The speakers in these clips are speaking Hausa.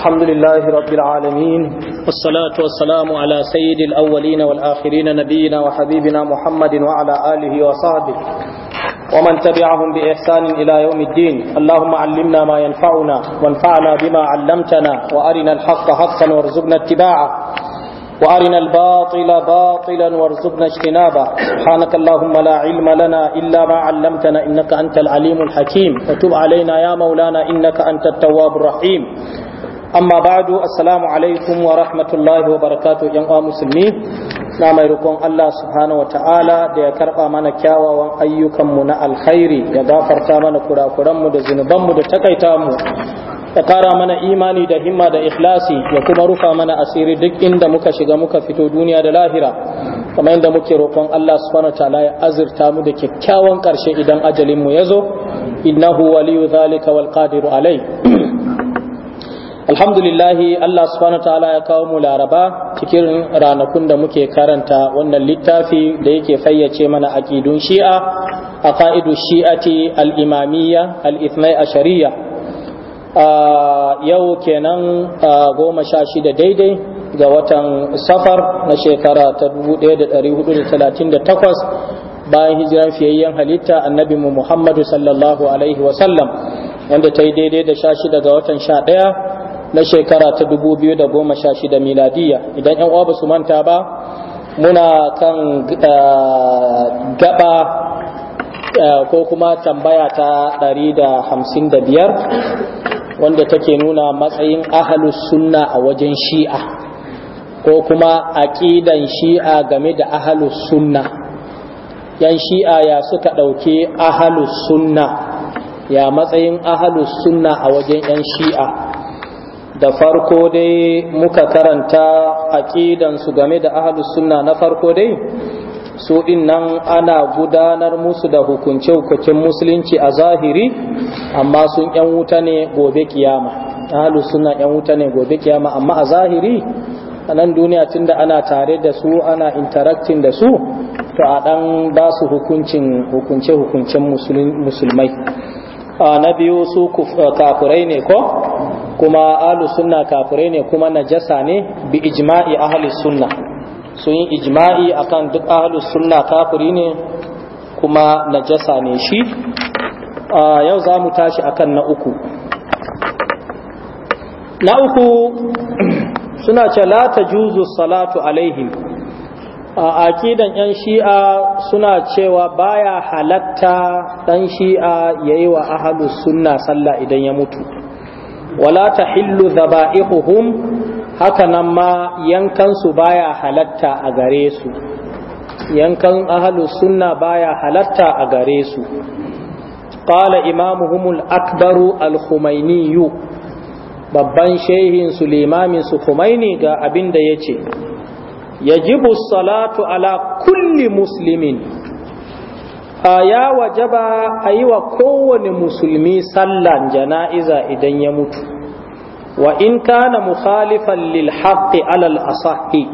الحمد لله رب العالمين والصلاة والسلام على سيد الأولين والآخرين نبينا وحبيبنا محمد وعلى آله وصحبه ومن تبعهم بإحسان إلى يوم الدين اللهم علمنا ما ينفعنا وانفعنا بما علمتنا وأرنا الحق حقا وارزقنا اتباعه وأرنا الباطل باطلا وارزقنا اجتنابه سبحانك اللهم لا علم لنا إلا ما علمتنا إنك أنت العليم الحكيم وتب علينا يا مولانا إنك أنت التواب الرحيم amma ba'du assalamu alaikum wa rahmatullahi wa barakatu yan uwa musulmi na mai rukun Allah subhanahu wa ta'ala da ya karba mana kyawawan ayyukan mu na alkhairi ya gafarta mana kurakuran mu da zunubanmu mu da takaita mu ya kara mana imani da himma da ikhlasi ya kuma rufa mana asiri duk inda muka shiga muka fito duniya da lahira kamar yadda muke roƙon Allah subhanahu wa ta'ala ya azurta mu da kyakkyawan karshe idan ajalin mu yazo innahu waliyu zalika wal qadiru alai alhamdulillahi Allah subhanahu wa ta'ala ya kawo mu laraba cikin ranakun da muke karanta wannan littafi da yake fayyace mana aqidun shi'a a fa'idu shi'ati al-imamiyya al-ithnai ashariya yau kenan goma sha shida daidai ga watan safar na shekara ta 1438 bayan hijiran fiyayyen halitta annabi mu muhammadu sallallahu alaihi wasallam wanda ta yi daidai da sha shida ga watan sha ɗaya na shekara ta 2016 miladiya idan yan uwa su manta ba muna kan eh, gaba eh, ko kuma tambaya ta 155 wanda take nuna matsayin ahalus sunna a wajen shi'a ko kuma aƙidan shi'a game da ahalus sunna yan shi'a ya suka ɗauki ahalus sunna ya matsayin ahalus sunna a wajen yan shi'a da farko dai muka karanta aƙidansu game da ahalus sunna na farko dai su nan ana gudanar musu da hukunce-hukuncin musulunci a zahiri amma sun yan wuta ne gobe kiyama ahalus sunna yan wuta ne gobe kiyama amma a zahiri a nan duniya tunda ana tare da su ana interacting da su to a ɗan ba su hukuncin hukunce-hukuncin musulmai na biyu su kafurai ne ko kuma ahlu sunna kafirai ne kuma najasa ne bi ijma'i ahli sunna sun yi ijma'i akan duk ahlu sunna kafuri ne kuma najasa ne shi yau za mu tashi akan na uku na uku suna ce la ta juzu salatu alaihim a akidan yan shi'a suna cewa baya halatta dan shi'a yayi wa ahlus sunna sallah idan ya mutu wala tahillu dhaba'ihuhum haka nan ma yankan su baya halatta a gare su yankan ahlus sunna baya halatta a gare su qala imamuhum al-akbaru al-khumaini babban shehin su limamin su khumaini ga abinda da yace Ya yajibu salatu ala kulli Musulmin. muslimin ya wajaba a yi wa kowane musulmi sallan jana'iza idan ya mutu wa in kana mukhalifan lil haqqi alal asahi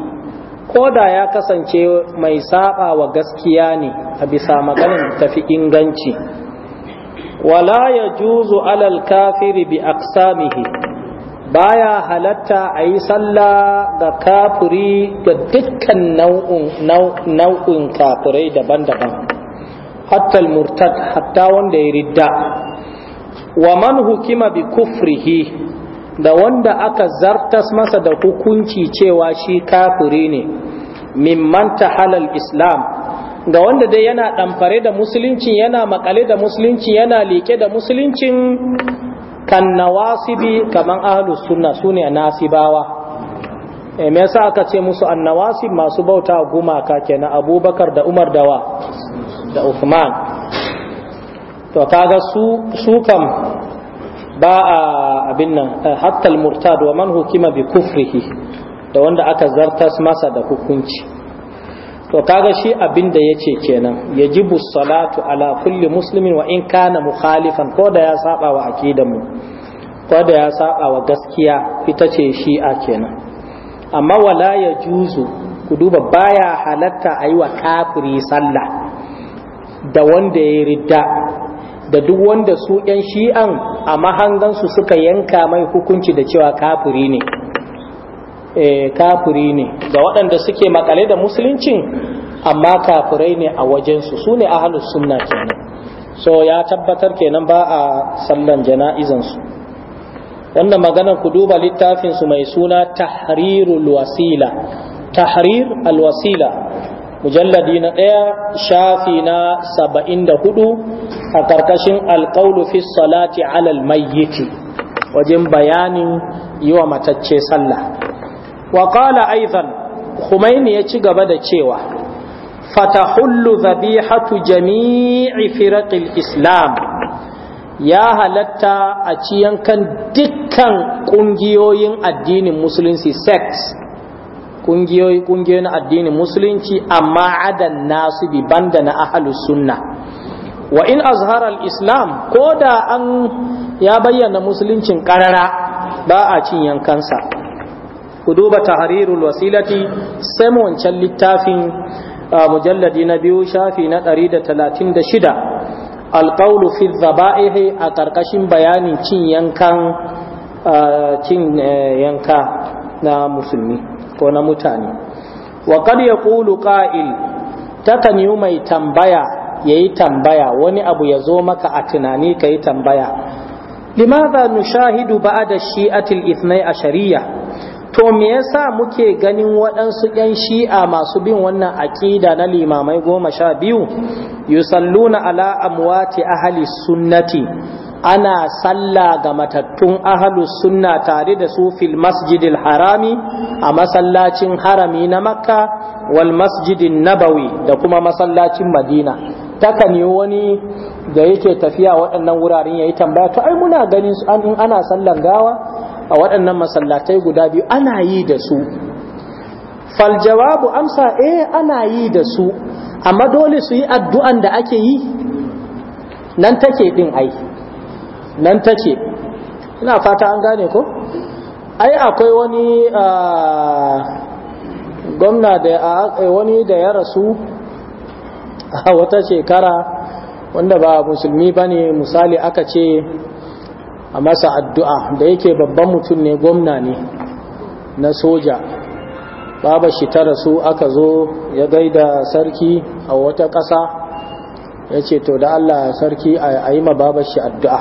ko da ya kasance mai saba wa gaskiya ne a bisa maganin tafi inganci wala ya juzu alal kafiri bi aksamihi baya halatta a yi sallah ga kafuri ga dukkan nau'in kafurai daban-daban hatta murtad hatta wanda ya ridda wa man hukima bi kufrihi da wanda aka zartas masa da hukunci cewa shi kafuri ne mimman ta halal islam ga wanda dai yana ɗamfare da musulunci yana makale da musulunci yana leke da musuluncin kan nawasibi kaman ahlus sunna sune nasibawa e me yasa aka ce musu annawasib masu bauta gumaka kenan abubakar da umar dawa da uthman to kaga su su kam ba a abin nan eh, hatta al-murtad wa man hukima bi kufrihi da wanda aka zartas masa da hukunci to kaga shi abin da yace kenan yajibu salatu ala kulli muslimin wa in kana mukhalifan ko da ya saba wa akidan mu ko da ya saba wa gaskiya ita ce a kenan amma wala ya juzu ku duba baya halatta a yi wa kafiri sallah da wanda ya ridda da duk wanda su 'yan shi'an a mahangansu suka yanka mai hukunci da cewa kafiri ne Eh, kafiri ne ga waɗanda suke makale da musuluncin amma kafurai ne a wajensu su ne ahalus sunna kenan so ya tabbatar kenan ba a sallan jana'izansu wannan maganar ku duba littafinsu mai suna tahrirul wasila tahrir alwasila mujalladi na ɗaya shafi na saba'in da hudu a ƙarƙashin alƙaulu fi salati alal mayyiti wajen bayanin yiwa wa matacce sallah wa qala aidan Khomeini ya ci gaba da cewa fatahullu zabihatu jami'i firaqil islam ya halatta a ci yankan dukkan kungiyoyin addinin musulunci sex, kungiyoyi kungiyoyin addinin musulunci amma adan nasu bi banda na ahlus sunna wa in azhara al-islam ko da an ya bayyana musuluncin karara ba a cin yankansa ku duba tahrirul wasilati sai mu wancan littafin mujalladi na biyu shafi na da da talatin 136 alƙaulu fi zaba'ihi a ƙarƙashin bayanin cin e, yanka na musulmi ko na mutane wa qad yaqulu qa'il takan yi mai tambaya yayi tambaya wani abu ya zo maka a tunani ka yi tambaya limadha nushahidu ba'da shi'atil a shari'a. to me yasa muke ganin waɗansu ƴan shi'a masu bin wannan aƙida na limamai goma sha biyu yusalluna ala amwati ahli sunnati ana salla ga matattun ahli sunna tare da su fil masjidil harami a masallacin harami na makka wal masjidin nabawi da kuma masallacin madina takan yi wani da yake tafiya waɗannan wuraren ya yi tambaya to ai muna ganin su an ana sallan gawa a waɗannan masallatai guda biyu ana yi da su fal jawabu amsa eh ana yi da su amma dole su yi addu'an da ake yi nan take din ai nan take ina fata an gane ko ai akwai wani gwamna da wani da ya rasu a wata shekara wanda ba musulmi ba ne misali aka ce a masa addu'a da yake babban mutum ne gwamna ne na soja baba shi ta rasu aka zo ya gaida sarki a wata ƙasa ya ce to da Allah sarki a yi ma baba shi addu'a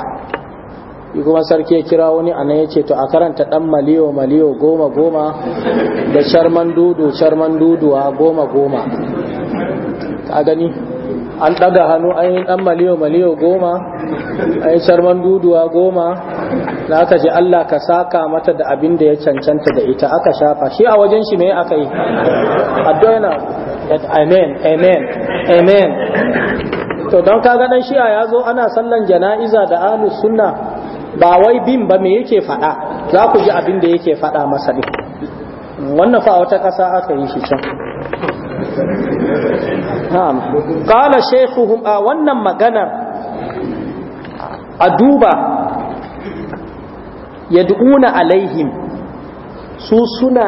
yi kuma sarki ya kira wani a nan ya ce to a karanta ɗan maliyo maliyo goma goma da sharman dudu sharman duduwa goma goma ka gani an ɗaga hannu an yi ɗan maliyo maliyo goma an yi sharman duduwa goma na aka ce Allah ka saka mata da abin da ya cancanta da ita aka shafa shi a wajen shi me aka yi addu'a amen amen amen to don kaga dan shi'a ya zo ana sallan jana'iza da ahlus sunna ba wai bin ba me yake faɗa za ku ji abin da yake faɗa masa ɗin wannan fa a wata ƙasa aka yi shi can na'am qala shaykhuhum wannan maganar a duba yad'una alaihim su suna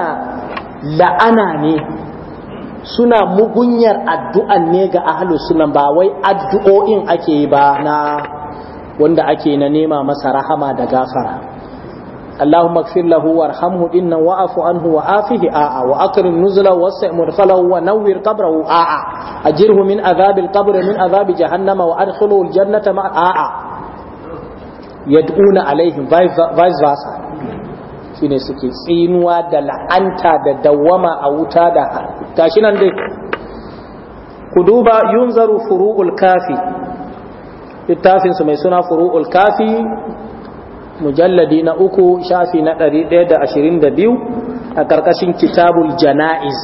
la'ana ne suna mugunyar addu'an ne ga ahlu ba wai addu'o'in ake yi ba na wanda ake na nema masa rahama da gafara Allahumma ighfir lahu warhamhu inna wa'fu anhu wa afihi a'a wa akrim nuzulahu wasi' mudkhalahu wa nawwir a'a ajirhu min adhabil qabr min adhabi jahannama wa adkhilhu ma a'a yad'una alaihim vice versa shine suke tsinuwa da la'anta da dawama a wuta da tashi nan dai ku duba yunzaru furu'ul kafi littafin mai suna furu'ul kafi mujalladi na uku shafi na 122 a karkashin kitabul jana'iz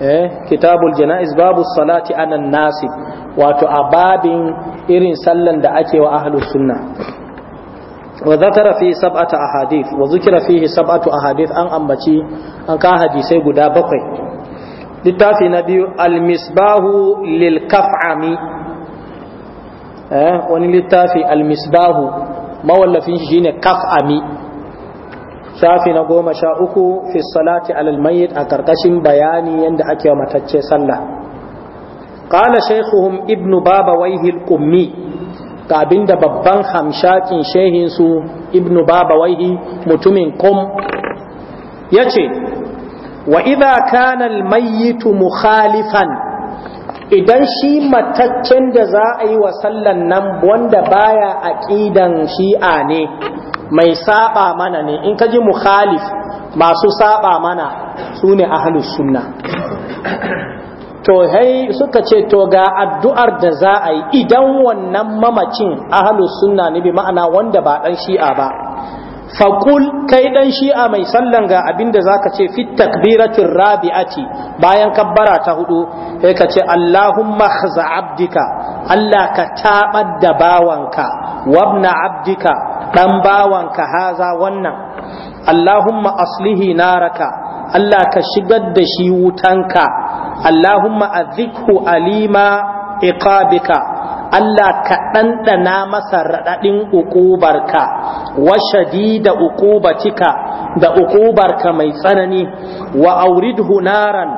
eh kitabul jana'iz babu salati anan nasib wato a babin irin sallan da ake wa ahlus sunna wa zakara fi sab'ata ahadith wa zikira fihi sab'atu ahadith an ambaci an ka hadisai guda bakwai littafi na biyu al-misbahu lil kaf'ami eh wani littafi al-misbahu mawallafin shi shine ami shafi na goma sha uku fi salati alal mayyit a karkashin bayani yanda ake wa matacce sallah qala shaykhuhum ibnu baba wayhil qummi ga abinda babban hamshakin shehin su ibnu baba waihi mutumin kum yace wa idha kana al mukhalifan idan shi mataccen da za a yi wa sallan nan wanda baya a ƙidan shi'a ne mai saba mana ne in ka ji mukhalif masu saba mana su ne a sunna to hai suka ce to ga addu'ar da za a yi idan wannan mamacin halin sunna ne bi ma'ana wanda ba ɗan shi'a ba faƙul kai ɗan shi'a mai sallan ga abin da za ka ce fit takbiratin rabi'ati bayan kabbara ta hudu sai ka ce Allahumma khza abdika Allah ka taɓar da bawanka wabna abdika ɗan bawanka haza wannan Allahumma aslihi naraka Allah ka shigar da shi wutanka Allahumma azikhu alima iqabika Allah ka ɗanɗana masa raɗaɗin uƙubarka wa shadida uƙubatika da uƙubarka mai tsanani wa auridhu naran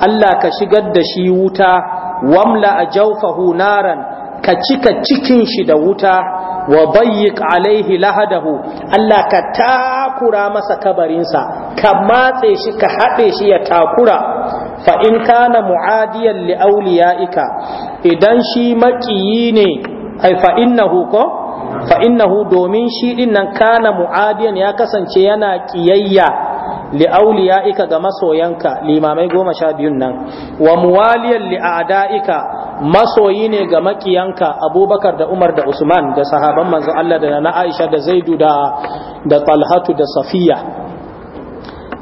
Allah ka shigar da shi wuta wamla a jaufahu naran ka cika cikin shi da wuta wa bayyik alaihi lahadahu Allah ka takura masa kabarinsa ka matse shi ka haɗe shi ya takura fa in kana mu'adiyan li awliyaika idan shi makiyi ne ai fa innahu ko fa innahu domin shi din nan kana mu'adiyan ya kasance yana kiyayya li awliyaika ga masoyanka limamai goma sha biyun nan wa muwaliyan li a'daika masoyi ne ga makiyanka abubakar da umar da usman da sahaban manzo Allah da na aisha da zaidu da da talhatu da safiya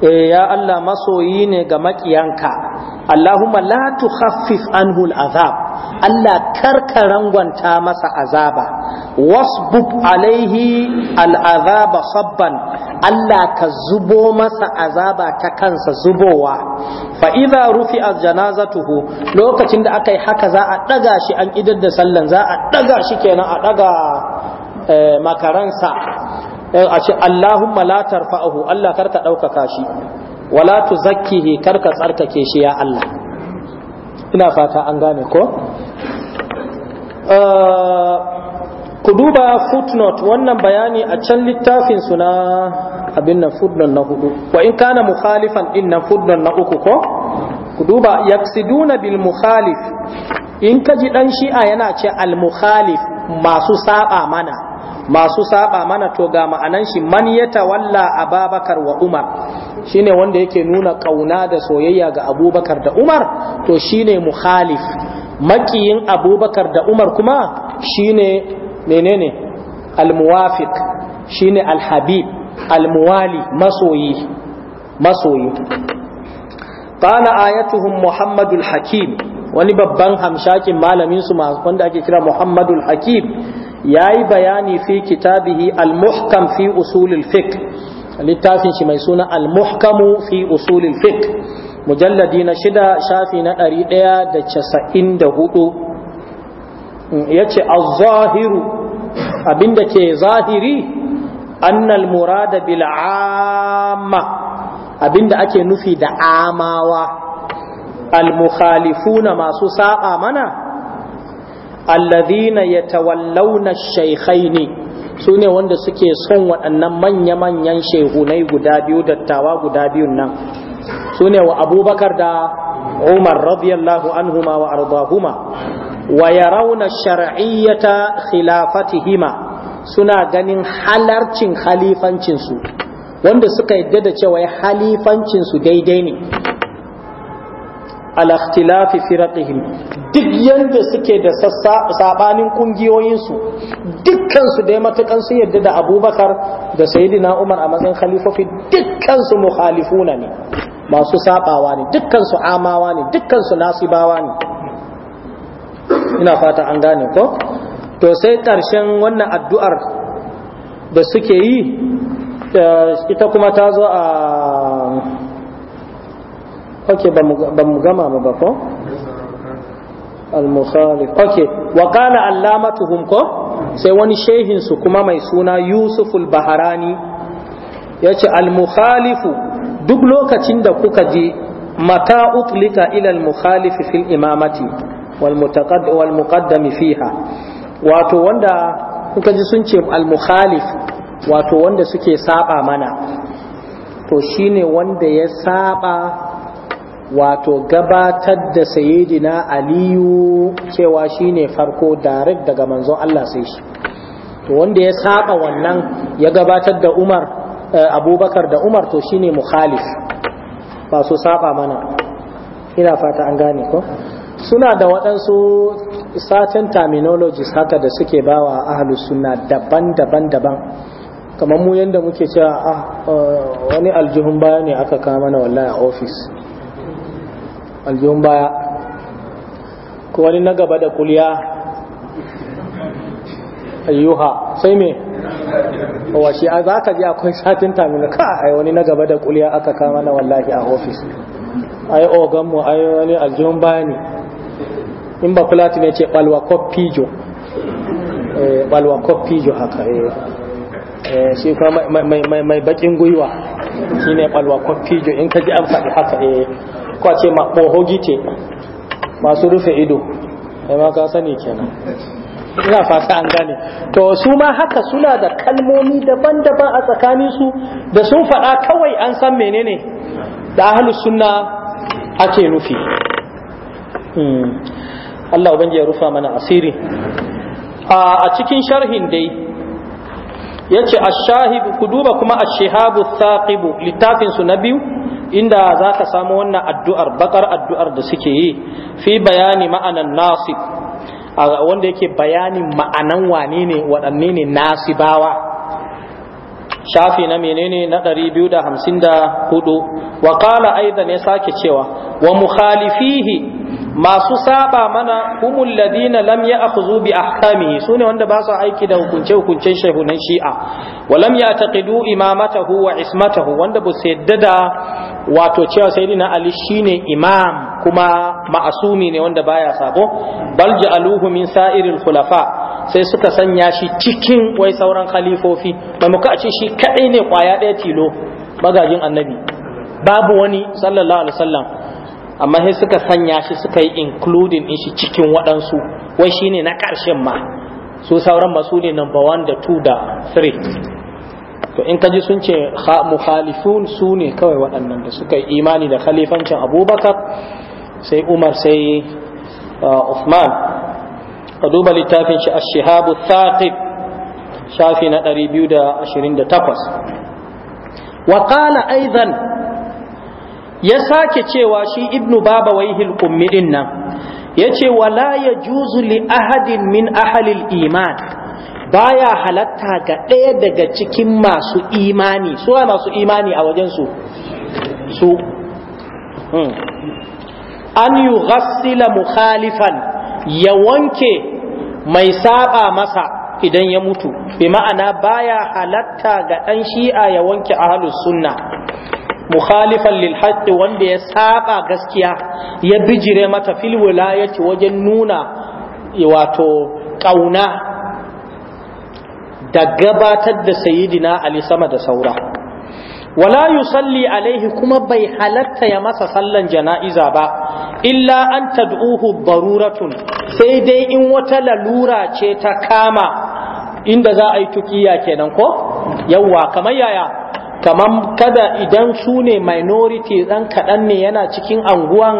e ya Allah masoyi ne ga maƙiyanka Allahumma la tukhaffif anhu azab Allah karka rangwanta masa azaba wasbub alaihi al'azaba sabban Allah ka zubo masa azaba ta kansa zubowa fa idza rufi janazatuhu lokacin da aka yi haka za a daga shi an idar da sallan za a daga shi kenan a daga eh, makaransa Eh, a ce Allahumma la tarfa'ahu Allah karka ɗaukaka shi wala tuzakkihi karka tsarkake shi ya Allah ina fata an gane ko eh, ku duba footnote wannan bayani a can littafin su na abin nan footnote na hudu wa in kana mukhalifan din nan footnote na uku ko ku duba yaksiduna bil mukhalif in kaji dan shi'a yana ce al mukhalif masu saba mana masu saba mana to ga ma'anan shi man ya tawalla ababakar wa umar shine wanda yake nuna kauna da soyayya ga abubakar da umar to shine muhalif makiyin abubakar da umar kuma shine menene almuwafiq shine alhabib almuwali masoyi masoyi قال ayatuhun muhammadul Hakim wani babban hamshakin malamin su wanda ake kira Muhammadul Hakim yayi bayani fi kitabihi al-muhkam fi usulil fiqh littafin shi mai suna al-muhkamu fi usulil fiqh mujalladi na shida shafi na ɗari ɗaya da casa'in da hudu ya ce zahiru abinda ke zahiri annal murada bil amma abinda ake nufi da amawa al-mukhalifuna masu saba mana alladhina yatawallawna shaykhaini su ne wanda suke son waɗannan manya-manyan shehunai guda biyu dattawa guda biyun nan su ne wa abubakar da umar radiyallahu anhuma wa ardahuma wa yarawna shar'iyyata khilafatihima suna ganin halarcin khalifancinsu wanda suka yadda da cewa halifancinsu daidai ne ala ikhtilafi firaqihim duk yanda suke da sabanin kungiyoyinsu dukkansu dai matukan su yadda da abubakar da sayyidina umar a matsayin khalifofi dukkansu mukhalifuna ne masu sabawa ne dukkansu amawa ne dukkansu nasibawa ne ina fata an gane ko to sai karshen wannan addu'ar da suke yi eh, ita kuma ta zo a okay ba mu gama mu ba ko al-mukhalif ok wa qala allamatuhum ko sai wani shehin su kuma mai suna yusuf al-baharani yace al-mukhalifu duk lokacin da kuka ji mata utlika ila al-mukhalifi fil imamati wal mutaqaddam fiha wato wanda kuka ji sun ce al-mukhalif wato wanda suke saba mana to shine wanda ya saba wato gabatar da sayidina aliyu cewa shine farko direct daga manzon Allah sai shi to wanda ya saba wannan ya gabatar da Umar eh, Abubakar da Umar to shine mukhalif ba su saba mana ina fata an gane ko suna da waɗansu satin terminologies haka da suke bawa ahalus sunna daban-daban daban kamar mu yadda muke cewa ah, eh, wani aljihun baya ne aka kama mana wallahi a ofis. aljihun baya ko wani na gaba da kuliya ayyuha sai me washi a za ka ji akwai satin tamina ka a wani na gaba da kuliya aka kama na wallahi a ofis ai oganmu ai wani aljihun baya ne in ba kula ne ce balwa kofijo eh, balwa kofijo haka eh. Eh, shi kuma mai bakin gwiwa shine balwa kofijo in ka ji an faɗi haka eh ko ce ce ɓohogi ce masu rufe ido Ya ma ka sani kenan ina fata an gane to su ma haka suna da kalmomi daban-daban a tsakanin su da sun faɗa kawai an san menene da ahlus sunna ake nufi hmm. Allah ubangiji ya rufa mana asiri a cikin sharhin dai yace ash-shahib ku duba kuma ash shahabu thaqibu littafin su na biyu inda za ka samu wannan addu'ar bakar addu'ar da suke yi fi bayani ma'anan nasib wanda yake bayanin ma'anan wane ne waɗanne ne nasibawa shafi na menene na 254 wa Wakala aizan ya sake cewa wa mukhalifihi masu saba mana humul ladina lam ya'khudhu bi ahkamihi sune wanda ba su aiki da hukunce hukuncen shehunan shi'a wa lam ya'taqidu imamatahu wa ismatahu wanda ba su yadda da wato cewa sayyidina ali shine imam kuma ma'asumi ne wanda baya sabo bal ja'aluhu min sa'iril khulafa sai suka sanya shi cikin wai sauran khalifofi ba muka ce shi kadai ne kwaya daya tilo magajin annabi babu wani sallallahu alaihi wasallam amma sai suka sanya shi suka yi including din shi cikin waɗansu wai shine na ƙarshen ma su sauran ba number one da two da three to in kaji sun ce mukhalifun su ne kawai waɗannan da suka yi imani da khalifancin abubakar sai umar sai uh, Uthman ka duba littafin shi ash shahabu thaqib shafi na 228 wa qala aidan ya sake cewa shi ibnu baba wai ummi din nan yace wala yajuzu li ahadin min ahlil iman baya halatta ga ɗaya daga cikin masu imani su masu imani a wajen su su hmm. an ghassila mukhalifan ya wanke mai saba masa idan ya mutu bi ma'ana baya halatta ga ɗan shi'a ya wanke ahlus sunna mukhalifan lil haqqi wanda ya saba gaskiya ya bijire mata fil wilayati wajen nuna wato kauna da gabatar da sayyidina ali sama da saura wala yusalli alaihi kuma bai halatta ya masa sallan jana'iza ba illa an tad'uhu daruratun sai dai in wata lalura ce ta kama inda za a yi tukiya kenan ko yawwa kamar yaya kamar kada idan su ne minority ɗan kaɗan ne yana cikin anguwan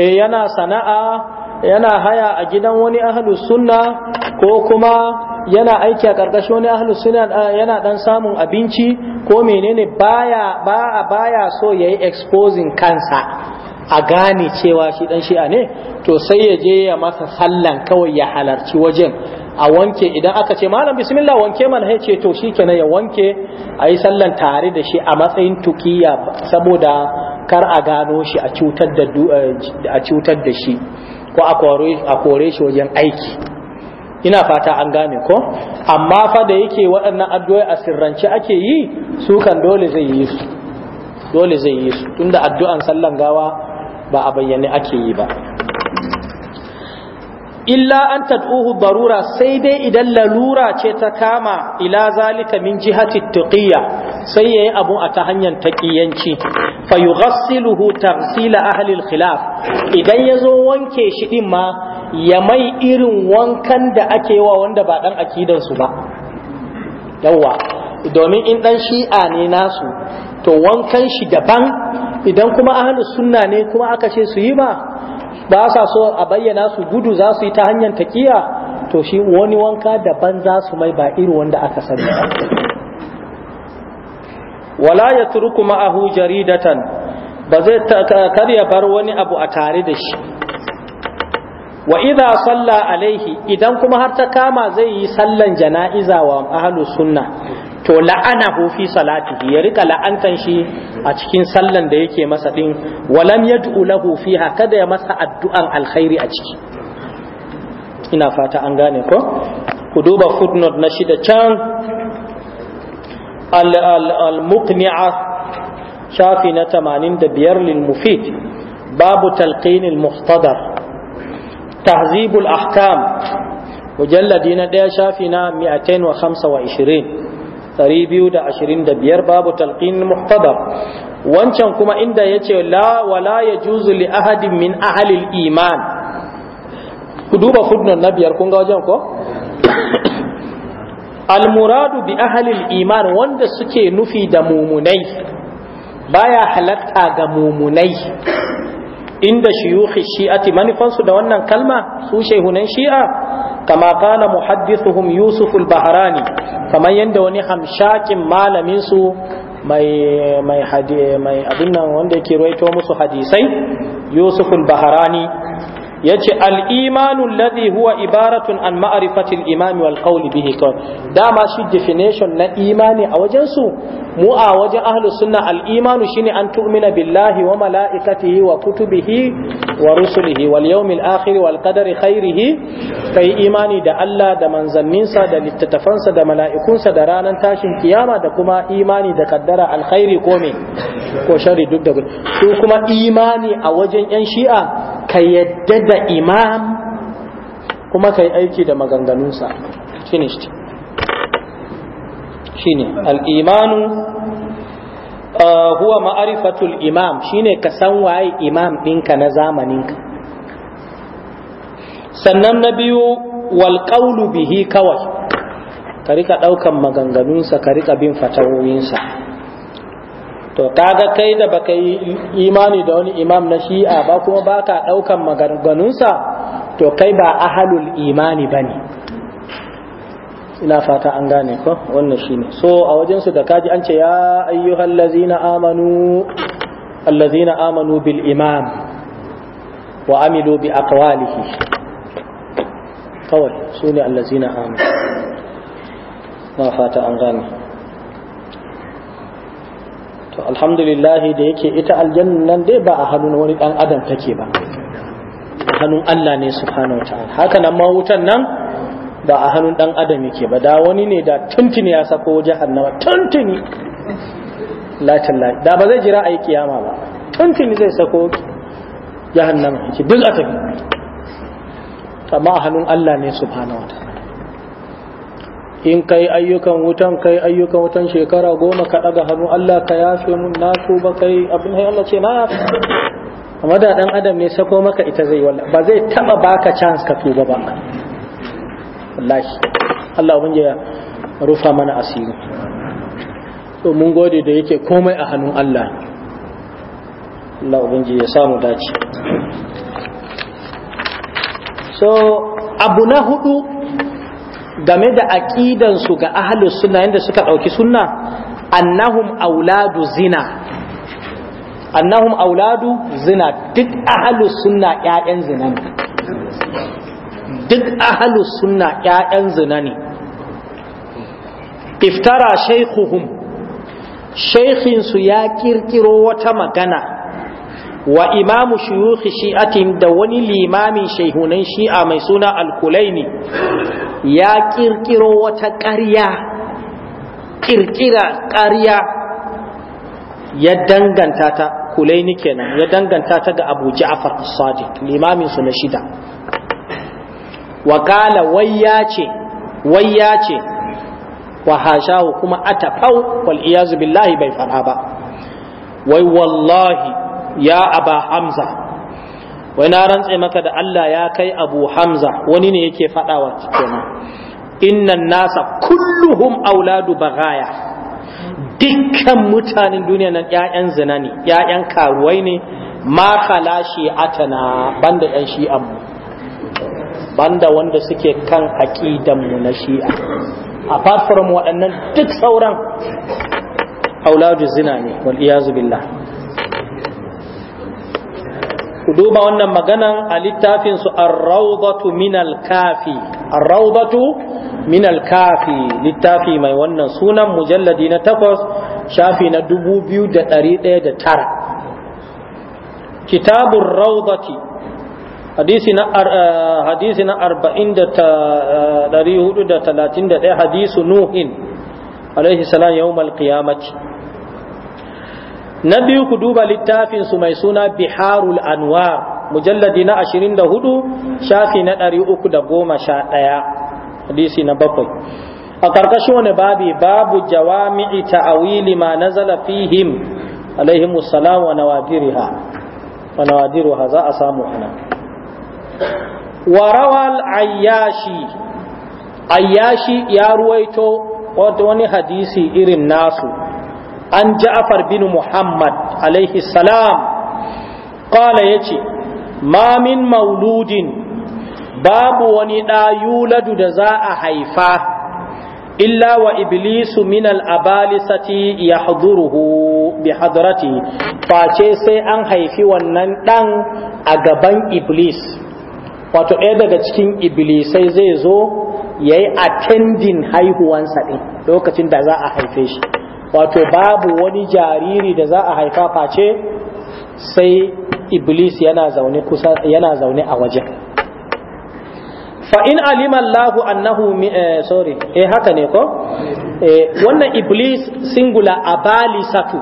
eh, yana sana'a yana haya a gidan wani ahlus sunna ko kuma yana aiki a ƙarƙashin wani ahlus sunna eh, yana ɗan samun abinci ko menene baya ba baya so yayi exposing kansa a gane cewa shi ɗan shi'a ne to sai ya je ya masa sallan kawai ya halarci wajen a wanke idan aka ce malam bismillah wanke mana ya ce to shi kenan ya wanke ayi yi sallan tare da shi a matsayin tukiya saboda kar a gano shi a cutar da eh, shi ko a kore shi wajen aiki ina fata an gane ko amma fa da yake waɗannan addu'a a sirrance ake yi su kan dole zai yi su dole zai yi su tunda addu'an sallan gawa ba a bayyane ake yi ba illa an tad'uhu barura sai dai idan lalura ce ta kama ila zalika min jihati tuqiyya sai yayi abu a ta hanyar taqiyanci fa yughassiluhu taghsila ahli al-khilaf idan yazo wanke shi din ma ya mai irin wankan da ake wa wanda ba dan akidan su ba yawa domin in dan shi'a ne nasu to wankan shi daban idan kuma ahlus sunna ne kuma aka ce su yi ba ba sa so a bayyana su gudu za su yi ta hanyar taƙiya to shi wani wanka daban za su mai ba iri wanda aka sani wala ya turku ma'ahu jaridatan ba zai karya bar wani abu a tare da shi wa idha salla alaihi idan kuma har ta kama zai yi sallan jana'iza wa ahlu sunna to la'anahu fi salatihi ya rika la'antan shi a cikin sallan da yake masa din walam yad'u lahu fiha kada ya masa addu'an alkhairi a ciki ina fata an gane ko ku duba footnote na shida can al-muqni'a shafi na 85 lil mufid babu talqin al-muhtadar tahzibul ahkam mujalladi na ɗaya shafi na 225 225 babu talqin muhtadar wancan kuma inda yace wala yajuzu li ahadin min ahli iman ku duba footnote na biyar kun wajen ko almuradu bi ahalil iman wanda suke nufi da mumunai baya halatta ga mumunai inda shiyuhi shi'ati manufansu da wannan kalma su shehunan shi'a kama kana muhaddithuhum yusuf al-bahrani kamar yadda wani hamshakin malamin su mai mai abin nan wanda yake ruwaito musu hadisai yusuf al-bahrani yace al-imanu alladhi huwa ibaratun an ma'rifati al-imami wal qawli bihi kawai dama shi definition na imani a wajen su mu a wajen ahlus sunna al-imanu shine an tu'mina billahi wa mala'ikatihi wa kutubihi wa rusulihi wal yawmil akhir wal qadari khairihi kai imani da Allah da manzanninsa da littattafansa da mala'ikunsa da ranar tashin kiyama da kuma imani da kaddara alkhairi ko me ko shari duk da su kuma imani a wajen yan shi'a ka yadda da imam kuma ka yi aiki da maganganunsa finished shine al'imanu uh, huwa ma'arifatul imam shine ka san waye imam ɗinka na zamaninka sannan na biyu walƙaulu bihi kawai ka rika ɗaukan maganganunsa ka rika bin fatawoyinsa to kaga kai da baka yi imani da wani imam na shi'a ba kuma baka daukan maganganunsa to kai ba ahalul imani bane ina fata an gane ko wannan shine so a wajen su da kaji an ce ya ayyuhal ladzina amanu allazina amanu bil imam wa amilu bi aqwalihi kawai sune allazina amanu Ina fata an gane to alhamdulillahi da yake ita aljannan dai ba a hannun wani dan adam take ba a hannun Allah ne subhanahu wataala haka nan ma wutan nan ba a hannun dan adam yake ba da wani ne da tuntuni ya sako jahannama tuntuni la tallahi da ba zai jira ayi kiyama ba tuntuni zai sako jahannama yake duk a tafi amma a hannun Allah ne subhanahu wataala in kai ayyukan wutan kai ayyukan wutan shekara goma ka daga hannu Allah ka yafe mun na tuba kai abin hai Allah ce na yafe amma da dan adam ne sako maka ita zai walla ba zai taba baka chance ka tuba ba wallahi Allah abin ya rufa mana asiri to mun gode da yake komai a hannun Allah Allah ubangiji ya samu dace so abu na hudu game da aƙidansu ga ahalus sunna yadda suka ɗauki sunna annahum auladu zina annahum auladu zina duk ahalus sunna ƴaƴan zina ne duk ahalus sunna ƴaƴan zina ne iftara shaykhuhum shaykhin su ya kirkiro wata magana wa imamu shuyukhi shi'atin da wani limamin shaihunan shi'a mai suna alkulaini ya kirkiro wata ƙarya kirkira ƙarya ya danganta ta kulaini kenan ya danganta ta ga abu ja'far sadiq limamin su na shida wa wai ya ce ya ce wa hashahu kuma atafau wal iyazu billahi bai fara ba wai wallahi ya aba hamza wai na rantse maka da Allah ya kai abu hamza wani ne yake faɗawa cikin innan nasa kulluhum auladu bagaya dukkan mutanen duniya nan ƴaƴan zina ne ƴaƴan karuwai ne ma kalashi atana banda ƴan shi'an mu banda wanda suke kan aqidan mu na shi'a apart from waɗannan duk sauran auladu zina ne wal iyazu billah ku duba wannan maganan a littafin su Arraubatu Minal kafi Arraubatu Minal kafi littafi mai wannan sunan mujalladi na takwas shafi na dubu biyu da ɗari ɗaya da tara kitabun Raubati, hadisi na eh, hadisi na arba'in da eh, ɗari hudu da talatin da ɗaya hadisu nuhin alaihi salam yawmal qiyamati na biyu ku duba littafin su mai suna biharul anwar mujalladi na 24 shafi na ɗaya, hadisi na bakwai a karkashin wani babi babu jawami'i ta'awili ma nazala fihim alaihi salam wa nawadiriha wa nawadiruha za a samu ana warawal ayyashi ayyashi ya ruwaito wani hadisi irin nasu an ja'far bin muhammad alaihi salam qala yace ma min mauludin babu wani da yuladu da za a haifa illa wa iblisu min al-abalisati yahduruhu bi hadrati face sai an haifi wannan ɗan a gaban iblis wato ɗaya daga cikin Iblis sai zai zo yayi attending haihuwansa ɗin lokacin da za a haife shi wato babu wani jariri da za a haifa face sai iblis yana zaune a wajen fa in alima Allahu annahu eh, sorry eh haka ne ko eh, wannan iblis singular satu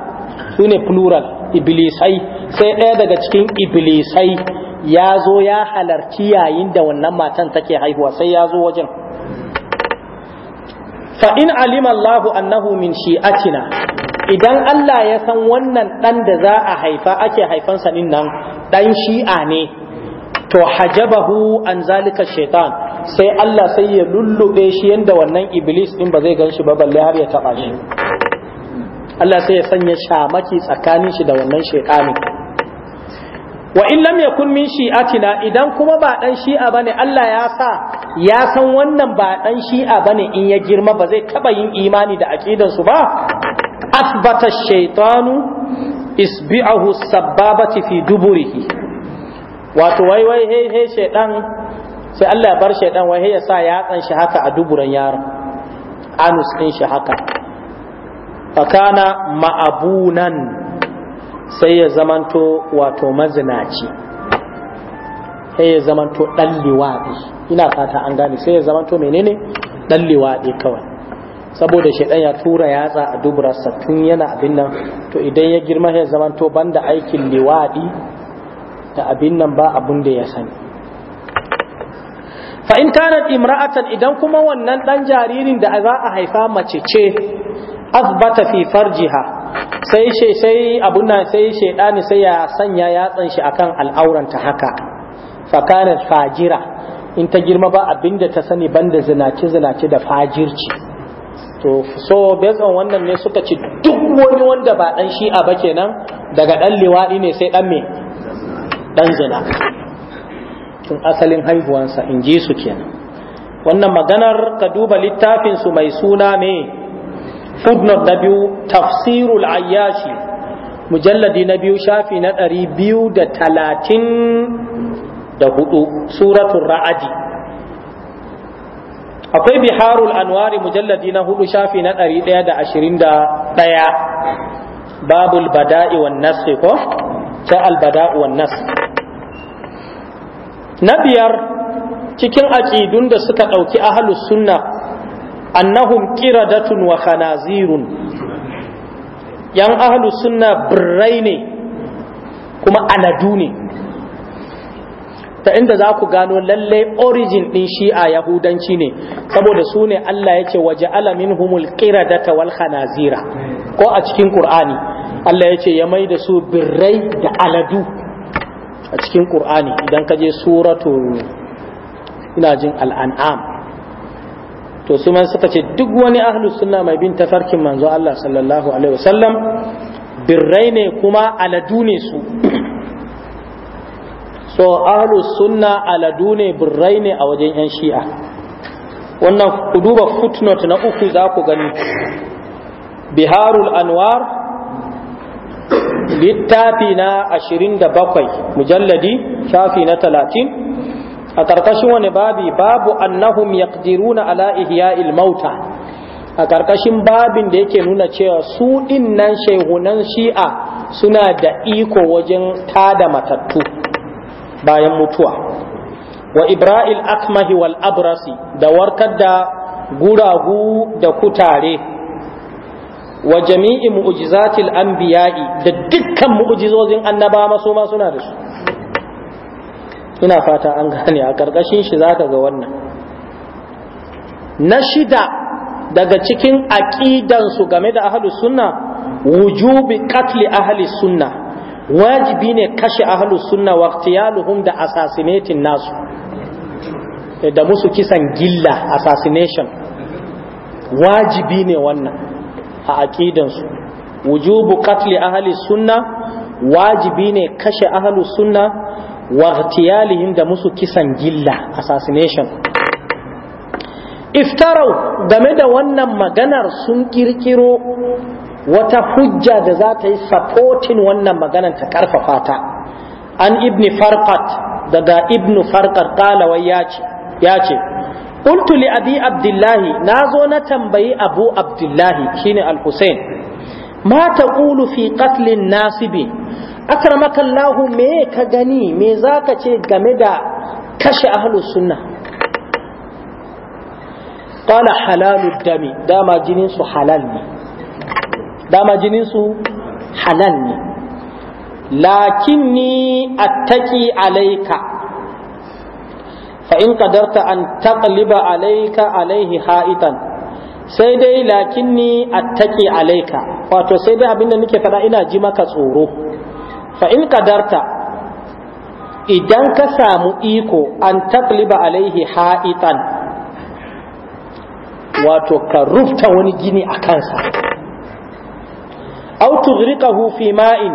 sune plural iblisai sai ɗaya daga cikin iblisai ya zo ya halarci yayin da wannan matan take haihuwa sai ya zo wajen fa in alima Allahu annahu min shi'atina idan Allah ya san wannan dan da za a haifa ake haifan sa din nan dan shi'a ne to hajabahu an zalika shaytan sai Allah sai ya lullube shi yanda wannan iblis din ba zai ganshi ba balle har ya taba shi Allah sai ya sanya shamaki tsakanin shi da wannan shaytanin wa in lam yakun min shi'atina idan kuma ba dan shi'a bane Allah ya sa ya san wannan ba dan shi'a bane in ya girma ba zai taba yin imani da aqidan su ba asbata shaytanu isbi'ahu sababati fi duburihi wato wai wai he he shaydan sai Allah ya bar shaydan wai he ya sa ya tsan shi haka a duburan yaron anus din shi haka fakana ma'abunan sai ya zamanto wato mazinaci sai ya zamanto ɗan liwaɗi ina fata an gane sai ya zamanto menene ɗan liwaɗi kawai saboda shaidan ya tura yatsa a dubura tun yana abin nan to idan ya girma ya zamanto banda aikin liwaɗi da abin nan ba abin da ya sani fa in imra'atan idan kuma wannan dan jaririn da za a haifa mace ce azbata fi farjiha sai she sai abun nan sai shedani sai ya sanya yatsan shi akan al'auranta haka fakanat fajira in ta girma ba abinda ta sani banda zinace zinace da fajirci to so based on wannan ne suka ci duk wani wanda ba dan shi'a ba kenan daga dan liwadi ne sai dan me dan zina tun asalin haihuwansa in ji su kenan wannan maganar ka duba littafin su mai suna me footnote na biyu tafsirul ayyashi mujalladi na biyu shafi na ɗari biyu da talatin da hudu suratun ra'adi akwai biharul anwari mujalladi na hudu shafi na ɗari ɗaya da ashirin da ɗaya babul bada'i wan nasi ko ta albada'u wan nas. na biyar cikin aƙidun da suka ɗauki ahlus sunna annahum qiradatun wa khanazirun yan ahlu sunna birrai ne kuma aladu ne ta inda za ku gano lalle origin din shi'a yahudanci ne saboda su ne Allah ya ce waje alamin humul qiradata wal khanazira ko a cikin qur'ani Allah ya ya mai da su birrai da aladu a cikin qur'ani idan ka je suratul ina jin al'an'am to su man suka ce duk wani ahlu sunna mai bin tafarkin manzo Allah sallallahu alaihi wasallam birrai ne kuma aladu ne su so ahlu sunna aladu ne birrai ne a wajen yan shi'a wannan ku duba footnote na uku za ku gani biharul anwar littafi na 27 mujalladi shafi na 30 a ƙarƙashin wani babi babu annahum yaqdiruna ala ihya'il mauta a ƙarƙashin babin da yake nuna cewa su din nan shehunan shi'a suna da iko wajen tada matattu bayan mutuwa wa ibra'il akmahi wal abrasi da warkar da guragu da kutare wa jami'i mu'jizatil anbiya'i da dukkan mu'jizozin annaba maso ma suna da su ina fata an gane a ƙarƙashin shi za zaka ga wannan na shida daga cikin aƙidansu game da ahli sunna wujubi qatli ahli sunna wajibi ne kashe ahli sunna wa iqtiyaluhum da assassinating nasu eh, da musu kisan gilla assassination wajibi ne wannan a aƙidansu wujubu qatli ahli sunna wajibi ne kashe ahli sunna واغتيالهم da musu kisan gilla assassination iftarau game da wannan maganar sun kirkiro wata hujja da za ta yi supporting wannan maganar ta karfafa ta an ibni farqat daga ibnu farqat ƙala wai ya ce qultu li abi abdullahi nazo na tambayi abu abdullahi shine al-husain ma taqulu fi qatlin nasibi akramakallahu me ka gani me zaka ce game da kashe ahlus sunna qala halalud dami dama jinin su halal ne dama jinin su halal ne lakinni attaki alayka fa in qadarta an taqliba alayka alayhi ha'itan sai dai lakinni attaki alayka wato sai dai abinda nake fada ina ji maka tsoro fa in idan ka samu iko an takliba alaihi ha'itan wato ka rufta wani gini a kansa aw tughriqahu fi ma'in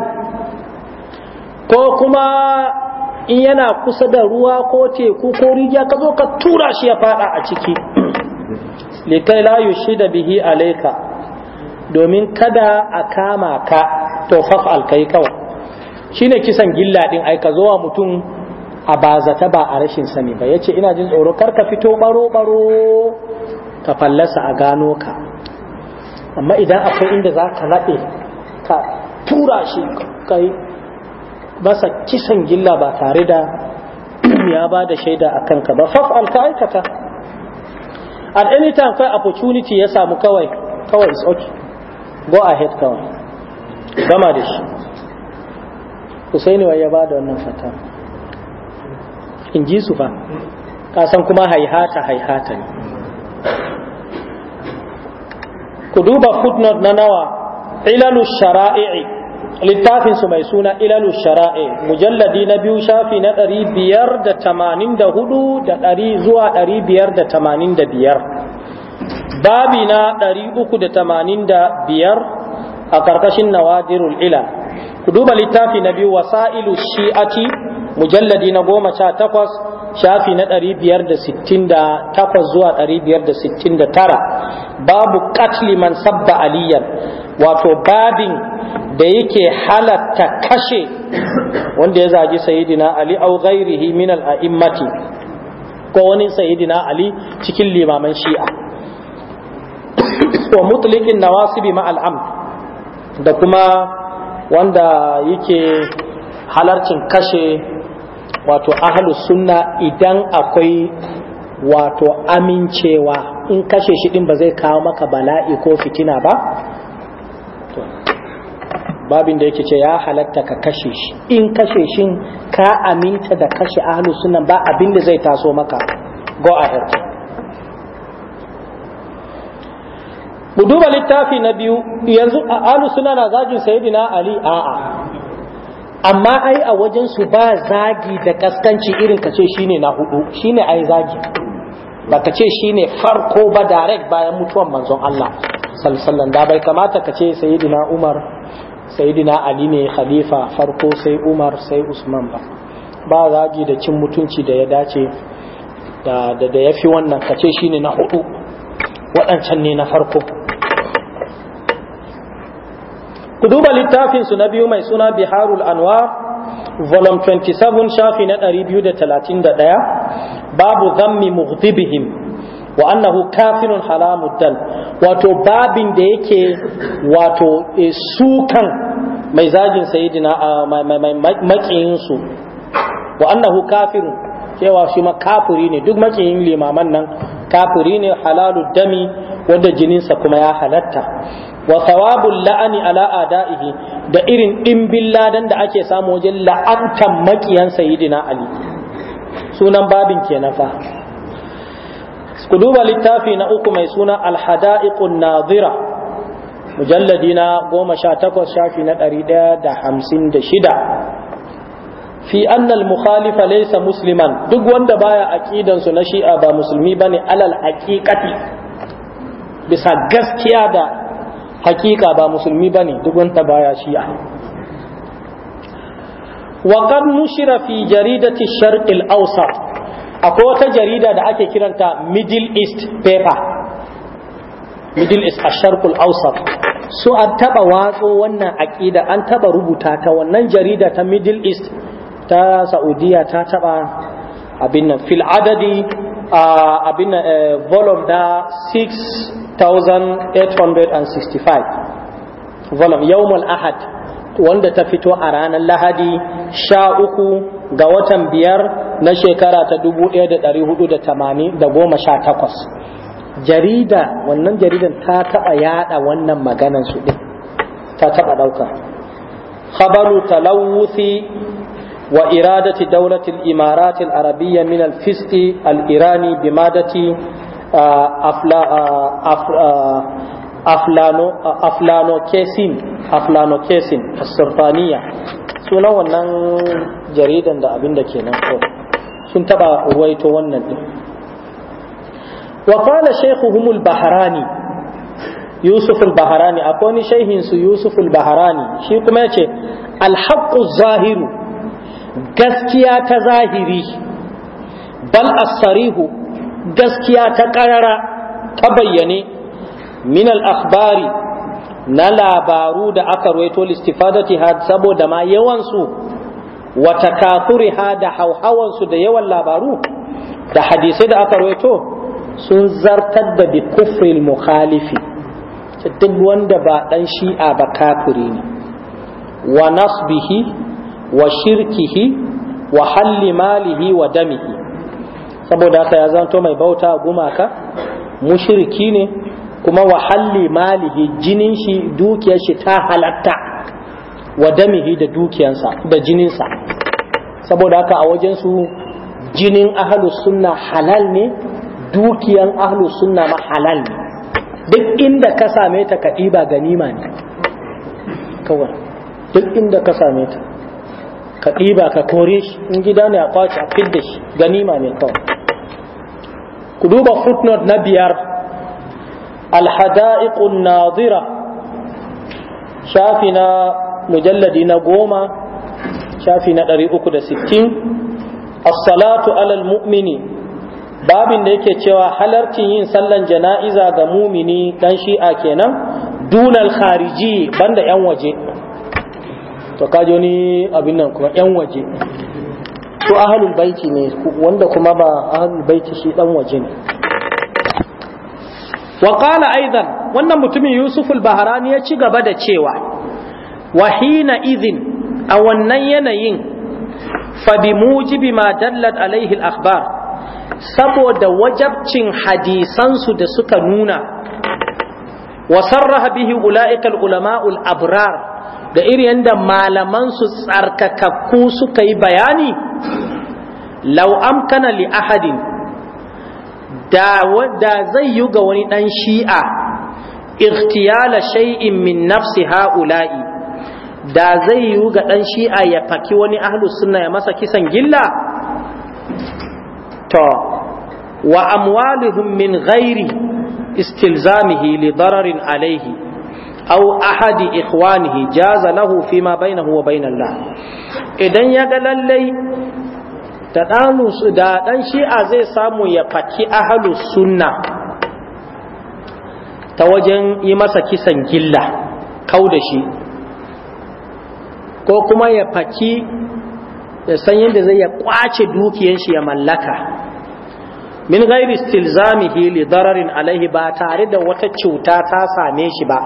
ko kuma in yana kusa da ruwa ko teku ko rijiya ka zo ka tura shi ya fada a ciki likai la yushida bihi alayka domin kada a kama ka to alkai kai kawai shine kisan gilla din ai ka zowa mutum a bazata ba a rashin sani ba yace ina jin tsoro kar ka fito baro baro ka fallasa a gano ka amma idan akwai inda za ka laɓe ka tura shi kai masa kisan gilla ba tare da ya ba da shaida a kanka ba faf'al ka aikata at any time kai opportunity ya samu kawai kawai is okay go ahead kawai gama da shi husaini wai ya bada wannan fata in ji su fa kasan kuma haihata haihata ne ku duba footnote na nawa ilalu shara'i littafinsu mai suna ilalu shara'i mujalladi na biyu shafi na ɗari biyar da tamanin da hudu da ɗari zuwa ɗari biyar da tamanin da biyar babi na ɗari uku da tamanin da biyar a ƙarƙashin nawadirul ila ku duba littafi na biyu wasa'ilu shi'ati mujalladi na goma sha takwas shafi na ɗari biyar da sittin da takwas zuwa ɗari biyar da sittin da tara babu katli man sabba aliyan wato babin da yake halatta kashe wanda ya zagi sayidina ali au ghairihi min al'a'immati ko wani sayidina ali cikin limaman shi'a wa mutlikin nawasibi ma al'am da kuma wanda yake halarcin kashe wato ahalu sunna idan akwai wato amincewa in kashe shi din ba zai kawo maka bala'i ko fitina ba babin da yake ce ya halatta ka kashe shi in kashe shi ka aminta da kashe ahalu sunan ba abin da zai taso maka go ahead Ku duba littafi na biyu yanzu a alu suna na zagin sayidina ali a'a amma ai a wajen su ba zagi da kaskanci irin kace shine na hudu shine ai zagi ba kace shine farko ba direct bayan mutuwan manzon Allah sallallahu da bai kamata kace sayidina Umar sayidina Ali ne khalifa farko sai Umar sai Usman ba ba zagi da cin mutunci da ya dace da da yafi wannan kace shine na hudu waɗancan ne na farko ku duba littafinsu na biyu mai suna biharul anwar volume 27 shafi na 231 babu zammi muhtibihim wa annahu kafirun halamuddan wato babin da yake wato e, sukan mai zagin sayidina makiyinsu wa annahu kafirun cewa shi ma kafiri ne duk makiyin limaman nan kafiri ne halalud dami wanda jininsa kuma ya halatta Wasawabun la'ani ala da irin dimbin ladan da ake samu wajen la'antan maƙiyan sayidina ali sunan babin kenan fa ku duba littafi na uku mai suna alhada'iqun nazira mujalladi na goma sha takwas shafi na ɗari ɗaya da hamsin da shida fi annal mukhalifa laysa musliman duk wanda baya aqidan su na shi'a ba musulmi bane alal haqiqati bisa gaskiya da hakika ba musulmi bane duk wanda baya shi'a wa qad nushira fi jaridati sharq al-awsat akwai wata jarida da ake kiranta middle east paper middle east sharq al-awsat Su an taba watso wannan aqida an taba rubuta ta wannan jarida ta middle east ta saudiya ta taba abin nan fil adadi abin eh, volume da 6865 volume yawmul ahad wanda ta fito a ranar lahadi sha uku ga watan biyar na shekara ta 1418 jarida wannan jaridan ta taɓa yada wannan maganan su ɗin ta taɓa ɗauka khabaru talawuthi وإرادة دولة الإمارات العربية من الفسق الإيراني بمادة أفلا أفلانو أفلانو كيسين أفلانو كيسين السرطانية sunan wannan jaridan da abin da ke nan sun taɓa ruwaito wannan ɗin wa qala shaykhuhum al-bahrani yusuf al-bahrani su bahrani shi kuma yace al zahiru gaskiya ta zahiri bal asarihu gaskiya ta karara ta bayyane min al-akhbari na labaru da aka ruwaito listifadati had saboda ma yawan su wa takathuri da hawhawan su da yawan labaru da hadisai da aka ruwaito sun zartar da bi al mukhalifi duk wanda ba dan shi'a ba kafiri ne wa nasbihi wa shirkihi wa halli malihi wa damihi saboda haka ya zanto mai bauta gumaka mushriki ne kuma wa halli malihi jinin shi dukiyar shi ta halatta wa damihi da dukiyansa da jininsa saboda haka a wajen su jinin ahlus sunna halal ne dukiyan ahlus sunna ma halal ne duk inda ka same ta ka ɗiba ganima ne kawai duk inda ka same ta ka ɗiba ka kore shi in gida ne a kwace a fidda shi ganima mai kawo. ku duba footnote na biyar alhada'iqun nazira shafi na mujalladi na goma shafi na ɗari uku da sittin assalatu alal mu'mini babin da yake cewa halartin yin sallan jana'iza ga mumini dan shi'a kenan dunal khariji banda yan waje to kaji wani abin nan kuma yan waje su ahalul baiti ne wanda kuma ba ahalul baiti shi dan waje ne wa qala aidan wannan mutumin yusuf al-baharani ya ci gaba da cewa wa hina idhin a wannan yanayin fa bi mujibi ma dallat Alayhi al-akhbar saboda wajabcin hadisansu da suka nuna wa sarraha bihi ula'ikal ulama'ul abrar da iri yadda malamansu tsarkakakku suka yi bayani lau amkana li ahadin da zai yi ga wani ɗan shi'a ikhtiyala shay'in min nafsi ha'ula'i da zai yi ga ɗan shi'a ya faki wani ahlus sunna ya masa kisan gilla to wa amwaluhum min ghairi istilzamihi li dararin alaihi aw ahadi ikhwanihi jaza lahu fima bainahu wa la idan ya ga lallai da su da ɗan shi'a zai samu ya faki ahlu sunna ta wajen yi masa kisan gilla kau da shi ko kuma ya faki ya san yadda zai ya kwace dukiyar shi ya mallaka min ghairi istilzamihi li dararin alaihi ba tare da wata cuta ta same shi ba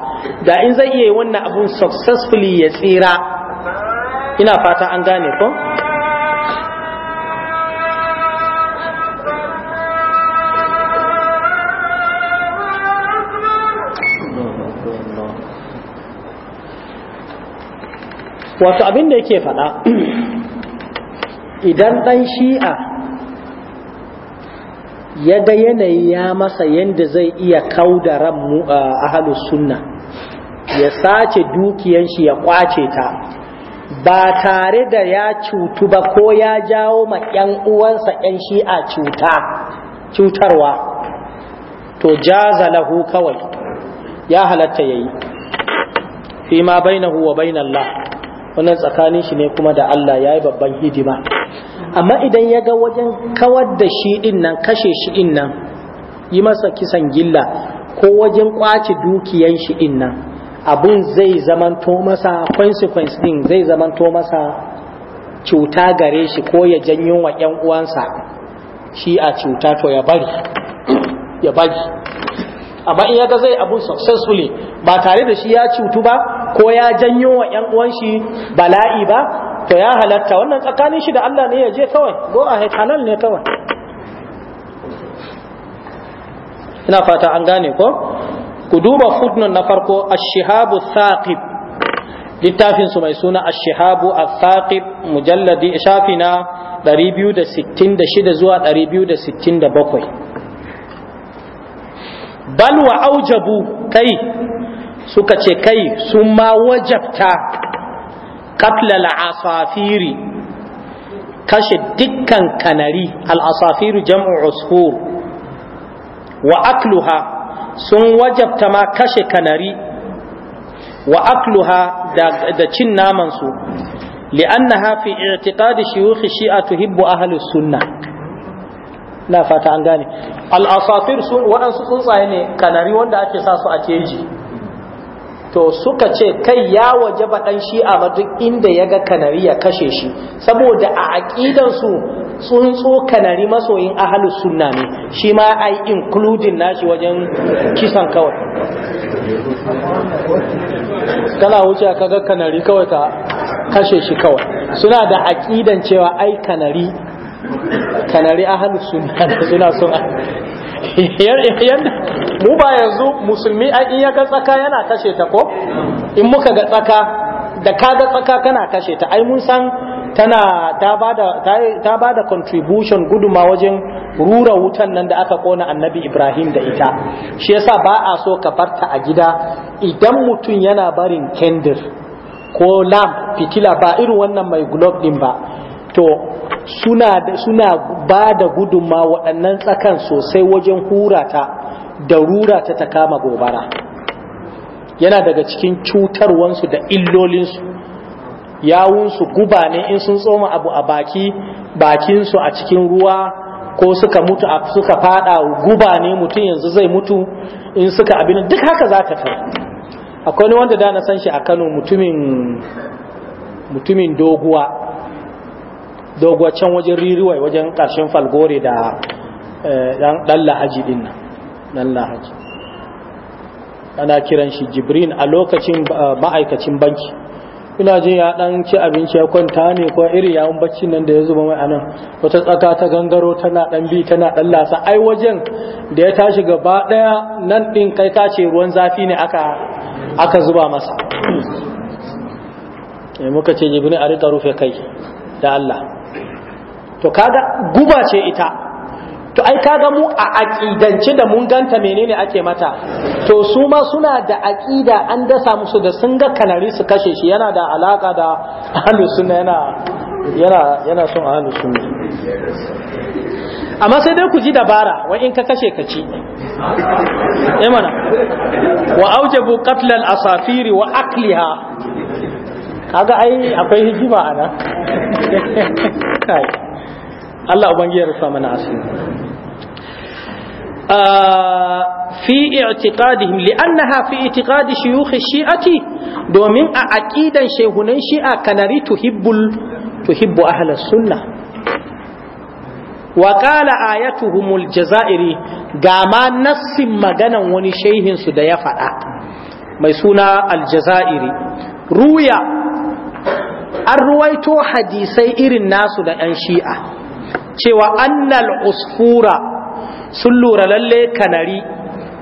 da in zai iya wannan abun successfully ya tsira ina fata an gane ko wato abin da yake faɗa idan ɗan shi'a ya ga yanayi ya masa yadda zai iya kauda ran mu ahalus sunna ya sace dukiyan shi ya kwace ta ba tare da ya cutu ba ko ya jawo ma yan uwansa yan shi'a cuta cutarwa to jaza lahu kawai ya halatta ya yi fi ma bainahu wa bainallah wannan tsakanin shi ne kuma da Allah ya yi babban hidima amma idan ya ga wajen kawar da shi din nan kashe shi din nan yi masa kisan gilla ko wajen kwace dukiyan shi din nan abun zai zamanto masa consequence din zai zamanto masa cuta gare shi ko ya janyo wa ƴan uwansa shi a cuta to ya bari ya bari amma in ya ga zai abun successfully ba tare da shi ya cutu ba ko ya janyo wa ƴan uwan shi bala'i ba to ya halatta wannan tsakanin shi da Allah ne ya je kawai go ahead halal ne kawai ina fata an gane ko ku duba footnote na farko ash-shihabu thaqib littafin su mai suna ash-shihabu thaqib mujalladi shafi na 266 zuwa 267 bal wa aujabu kai suka ce kai sun ma wajabta qatlal asafiri kashe dukkan kanari al asafiru jam'u usfur wa akluha sun wajabta ma kashe kanari wa akluha da cin namansu su li'annaha fi i'tiqadi shuyukh shi'a tuhibbu ahli sunnah na fata an gane waɗansu tsuntsaye ne kanari wanda ake sa su a keji to suka ce kai ya waje baɗan shi a duk inda ya ga kanari ya kashe shi saboda a aƙidansu tsuntsu kanari masoyin ahalus sunna ne shi ma ai including nashi wajen kisan kawai kana wuce ka ga kanari kawai ka kashe shi kawai suna da aƙidan cewa ai kanari kanari ahalus sunna suna son mu ba yanzu musulmi ai in ya ga tsaka yana kashe ta ko in muka ga tsaka da ka ga tsaka kana kashe ta ai mun san tana ta ba da bada contribution guduma wajen rura wutan nan da aka kona annabi Ibrahim da ita shi yasa ba a so ka barta a gida idan mutum yana barin kendir ko lamp fitila ba irin wannan mai globe din ba to suna suna ba da gudunma waɗannan tsakan sosai wajen hurata da rurata ta kama gobara yana daga cikin cutarwansu da illolinsu yawunsu guba ne in sun tsoma abu a baki bakinsu a cikin ruwa ko suka mutu a suka fada guba ne mutum yanzu zai mutu in suka abin duk haka za ta fara akwai wanda da na san shi a kano mutumin doguwa dogwacen wajen ririwai wajen ƙarshen falgore da eh, ɗan lahaji ɗin nan ɗan lahaji ana kiran shi jibrin a lokacin eh, ma'aikacin banki ina jin ya ɗan ci abinci ya kwanta ne ko iri yawon bacci nan da ya zuba mai anan wata tsaka ta gangaro tana ɗan bi tana ɗan lasa ai wajen da ya tashi gaba ɗaya nan ɗin kai ka ce ruwan zafi ne aka zuba masa eh, muka ce jibrin a rika rufe kai da Allah to kaga guba ce ita to ai kaga mu a aƙidance da mun ganta menene ake mata to su ma suna da aƙida an dasa musu da sun ga kanari su kashe shi yana da alaka da ahlus sunna yana yana yana son ahlus sunna amma sai dai ku ji dabara wa in ka kashe ka ci eh mana, wa aujabu qatl al asafiri wa akliha kaga ai akwai hijima ana kai Allah ubangiji ya rufa mana asiri ah, fi i'tiqadihim li'annaha fi i'tiqadi shuyukh shi'ati domin a aqidan shehunan shi'a kanari tuhibbul tuhibbu ahla sunnah wa qala ayatuhumul jazairi ga ma nassin maganan wani shehin su da ya faɗa mai suna aljazairi ruya an ruwaito hadisai irin nasu da 'yan shi'a cewa annal usfura sun lura lalle kanari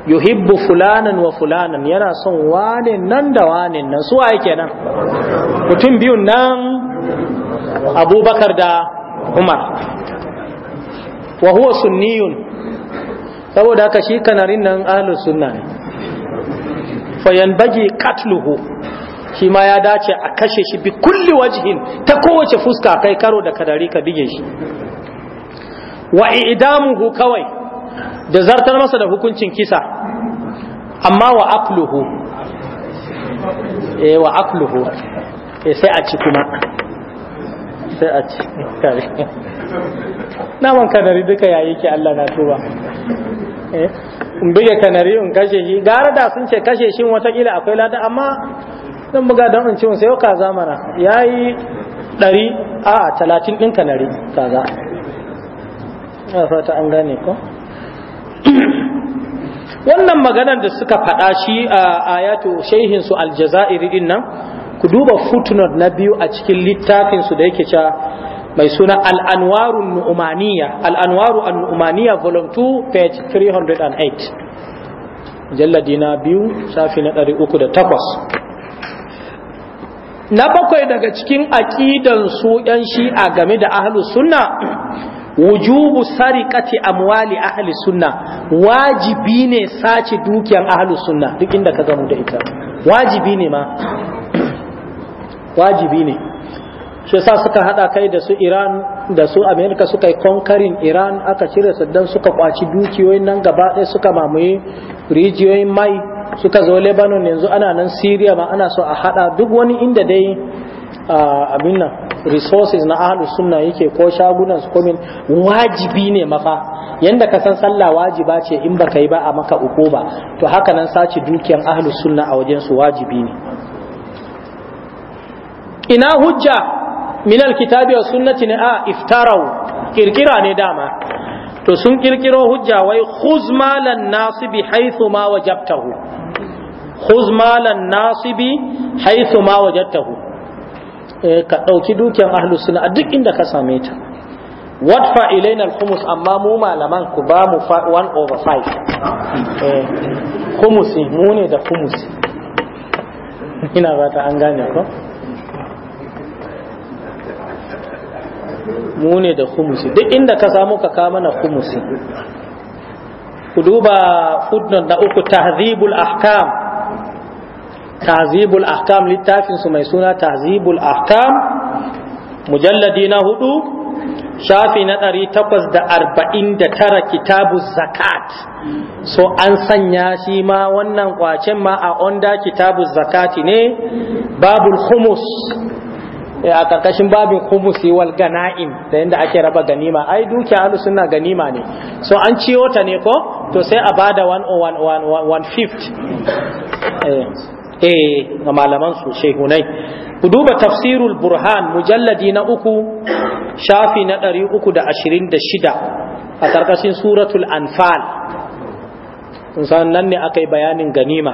yuhibbu fulanan wa fulanan yana son wane nan da wane nan su yake nan. mutum biyun nan abubakar da umar wa huwa sunniyun saboda haka shi kanarin nan ahlus sunna ne fayanbaji katluhu shi ma ya dace a kashe shi bi kulli wajhin ta kowace fuska kai karo da kadari ka bige shi wa idamuhu kawai da zartar masa da hukuncin kisa amma wa akluhu eh wa akluhu eh sai a ci kuma sai a ci kare naman kanari duka yayi ki Allah na tuba eh in bige kanari in kashe shi gara da sun ce kashe shi kila akwai lada amma dan buga don in ci sai yau kaza mana yayi ɗari a talatin ɗin kanari kaza fata an gane ko wannan maganar da suka faɗa shi a ayatu shehin su aljazairi din nan ku duba footnote na biyu a cikin littafinsu su da yake cewa mai suna al nu'umaniya al'anwaru nu'umaniya volume 2 page 308 jalladi na biyu safi na 308 na bakwai daga cikin aƙidan su ‘yan shi'a game da ahlus sunna wujubu sariqati amwali ahli sunna wajibi ne sace dukiyan ahli sunna duk inda ka gamu da ita wajibi ne ma wajibi ne shi yasa suka hada kai da su Iran da su America suka yi conquering Iran aka cire saddan suka kwaci dukiyoyin nan gaba ɗaya suka mamaye rijiyoyin mai suka zo Lebanon yanzu ana nan Siriya ma ana so a hada duk wani inda dai abin nan resources na ahlu sunna yake ko shagunan su komin wajibi ne mafa yanda ka san sallah wajiba ce in baka yi ba a maka uku ba to haka nan sace dukiyan ahlus sunna a wajen su wajibi ne ina hujja min alkitabi wa sunnati ne a iftarau kirkira ne dama to sun kirkiro hujja wai khuz malan nasibi haythu ma wajabtahu khuz malan nasibi haythu ma wajabtahu Eh, ka ɗauki dukiyar ahlus sunna a duk inda ka same ta fa ilaina al-khumus amma mu malaman ku ba mu 1 over 5 eh mu ne da khumusi ina ba ta an gane ko mu ne da khumusi duk inda ka samu ka ka mana khumusi ku duba footnote na uku tahdhibul ahkam تعذيب ahkam littafin su mai suna مجلدين ahkam mujalladi na hudu shafi na ɗari takwas da arba'in da tara kitabu zakat so an sanya shi ma wannan kwacen ma a onda kitabu zakati ne babul eh, a karkashin babin humusi wal gana'im da yadda ake raba ganima ai dukiya alu suna ganima ne so an ciyo ta ne ko to sai a bada 1 1 5 eh ga malaman su shehunai ku duba tafsirul burhan mujalladi na uku shafi na ɗari uku da ashirin da shida a ƙarƙashin suratul anfal nan ne aka yi bayanin ganima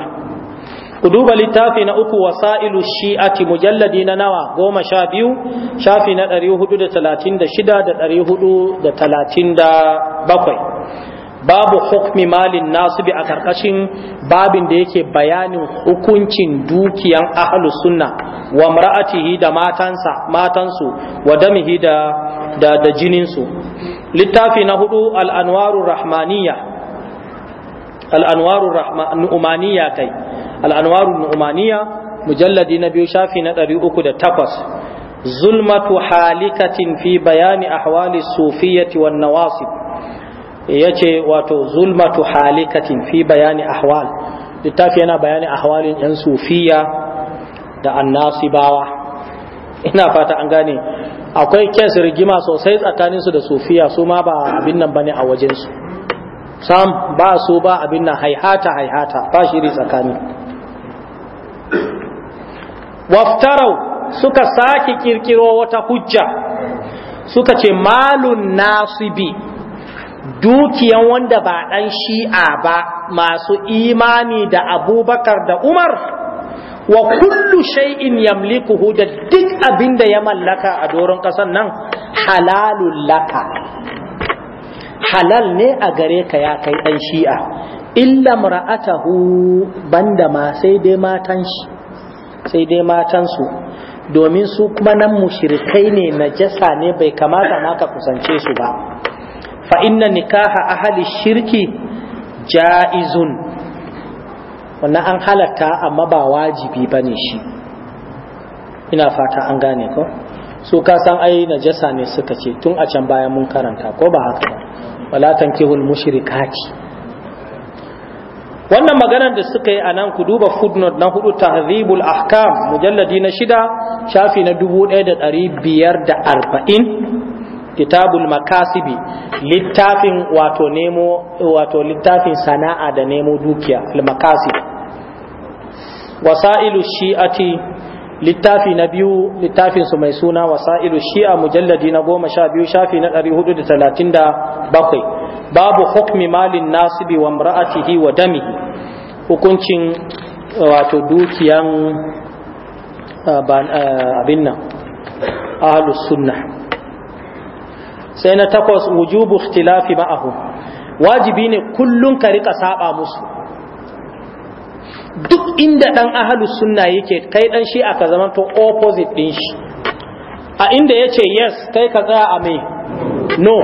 ku duba littafi na uku wasa'ilu shi'ati mujalladi na nawa goma sha biyu shafi na ɗari hudu da talatin da shida da ɗari hudu da talatin da bakwai babu hukmi malin nasu bi a karkashin babin da yake bayanin hukuncin dukiyan ahlu sunna wa mar'atihi da matansa matansu wa damihi da da, da jininsu littafi na hudu al'anwaru rahmaniya al'anwarur nu'umaniya kai al'anwarur nu'umaniya mujalladi na biyu shafi na ɗari uku da takwas, zulmatu halikatin fi bayani ahwali sufiyati wan nawasib Yace wato zulmatu halikatin fi bayani ahwal littafi yana bayani ahwalin yan sufiya da annasibawa ina fata an gane akwai kes rigima sosai tsakaninsu da sufiya su ma ba abin nan bane a wajensu sam ba su ba abin nan haihata haihata ba shiri tsakani waftarau suka sake kirkiro wata hujja suka ce malun nasibi dukiyan wanda ba ɗan shi'a ba masu imani da abubakar da umar wa kullu shay'in yamlikuhu da duk abin da ya mallaka a doron ƙasan nan halalun laka halal ne a gare ka ya kai ɗan shi'a illa ra'atahu banda ma sai dai matan shi sai dai matansu domin su kuma nan mushrikai ne najasa ne bai kamata ma ka kusance su ba fa inna nikaha ahli shirki ja'izun wannan an halatta amma ba wajibi bane shi ina fata an gane ko su ka san ai najasa ne suka ce tun a can bayan mun karanta ko ba haka ba wala tankihul mushrikati wannan maganar da suka yi a nan ku duba footnote na hudu tahzibul ahkam mujalladi na shida shafi na 1540 kitabul makasibi littafin wato nemo wato littafin sana'a da nemo dukiya al makasib wasailu shi'ati littafi na biyu littafin su mai suna wasailu shi'a mujalladi na goma sha biyu shafi na ɗari hudu da talatin da bakwai babu hukmi malin nasibi wa mra'atihi wa dami hukuncin wato dukiyan abin nan ahlus sunnah sai na takwas wujubu ikhtilafi ma'ahu wajibi ne kullun ka rika saba musu duk inda dan ahlus sunna yake kai dan shi aka zama to opposite din shi a inda yace yes kai ka tsaya a me no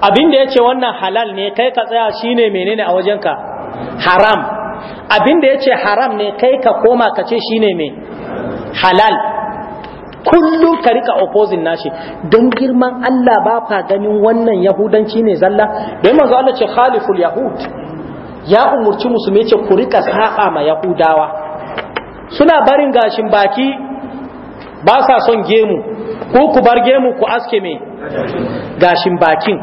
abinda yace wannan halal ne kai ka tsaya shine menene a wajenka haram abinda yace haram ne kai ka koma ka ce shine me halal kullum ka rika opposing nashi don girman Allah ba fa ganin wannan yahudanci ne zalla da yi manzo Allah ce khaliful yahud ya umurci musulmi ce ku rika saƙa ma yahudawa suna barin gashin baki ba sa son gemu ko ku bar gemu ku aske me gashin bakin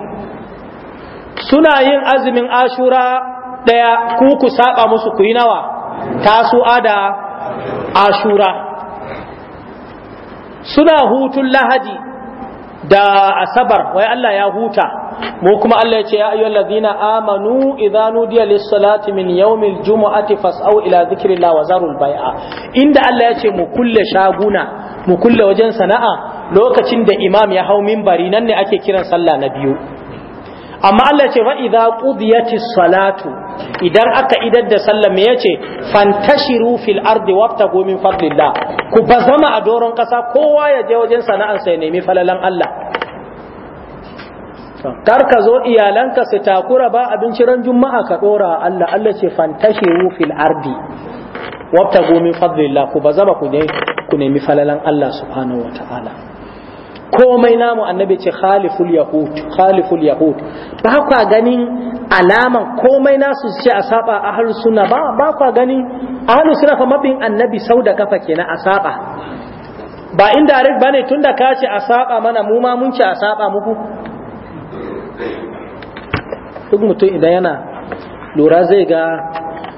suna yin azumin ashura daya ku ku saƙa musu ku yi nawa tasu'a da ashura suna hutun lahadi da asabar wai Allah ya huta mu kuma Allah ya ce ya ayyuhal ladina amanu idza nudiya lis salati min yawmil jumu'ati fas'au ila dhikrillah wa zarul bai'a inda Allah ya ce mu kulle shaguna mu kulle wajen sana'a lokacin da imam ya hau minbari nan ne ake kiran sallah na biyu amma Allah ce fa idza qudiyatis salatu idan aka idar da sallah me yace fantashiru fil ardi wabtagu min fadlillah ku bazama a doron kasa kowa ya je wajen sana'ar sai nemi falalan Allah kar ka zo iyalanka su takura ba abinci ran juma'a ka dora Allah Allah ce fantashiru fil ardi wabtagu min fadlillah ku bazama ku ne ku nemi falalan Allah subhanahu wa ta'ala. komai namu annabi ce khaliful yahud khaliful yahud ba kwa ganin alaman komai nasu su ce a ahlus sunna ba ba kwa ganin ahlus sunna fa mabin annabi sau da kafa kenan a ba indirect bane tunda ka ce a mana mu ma mun ce a muku duk mutum idan yana lura zai ga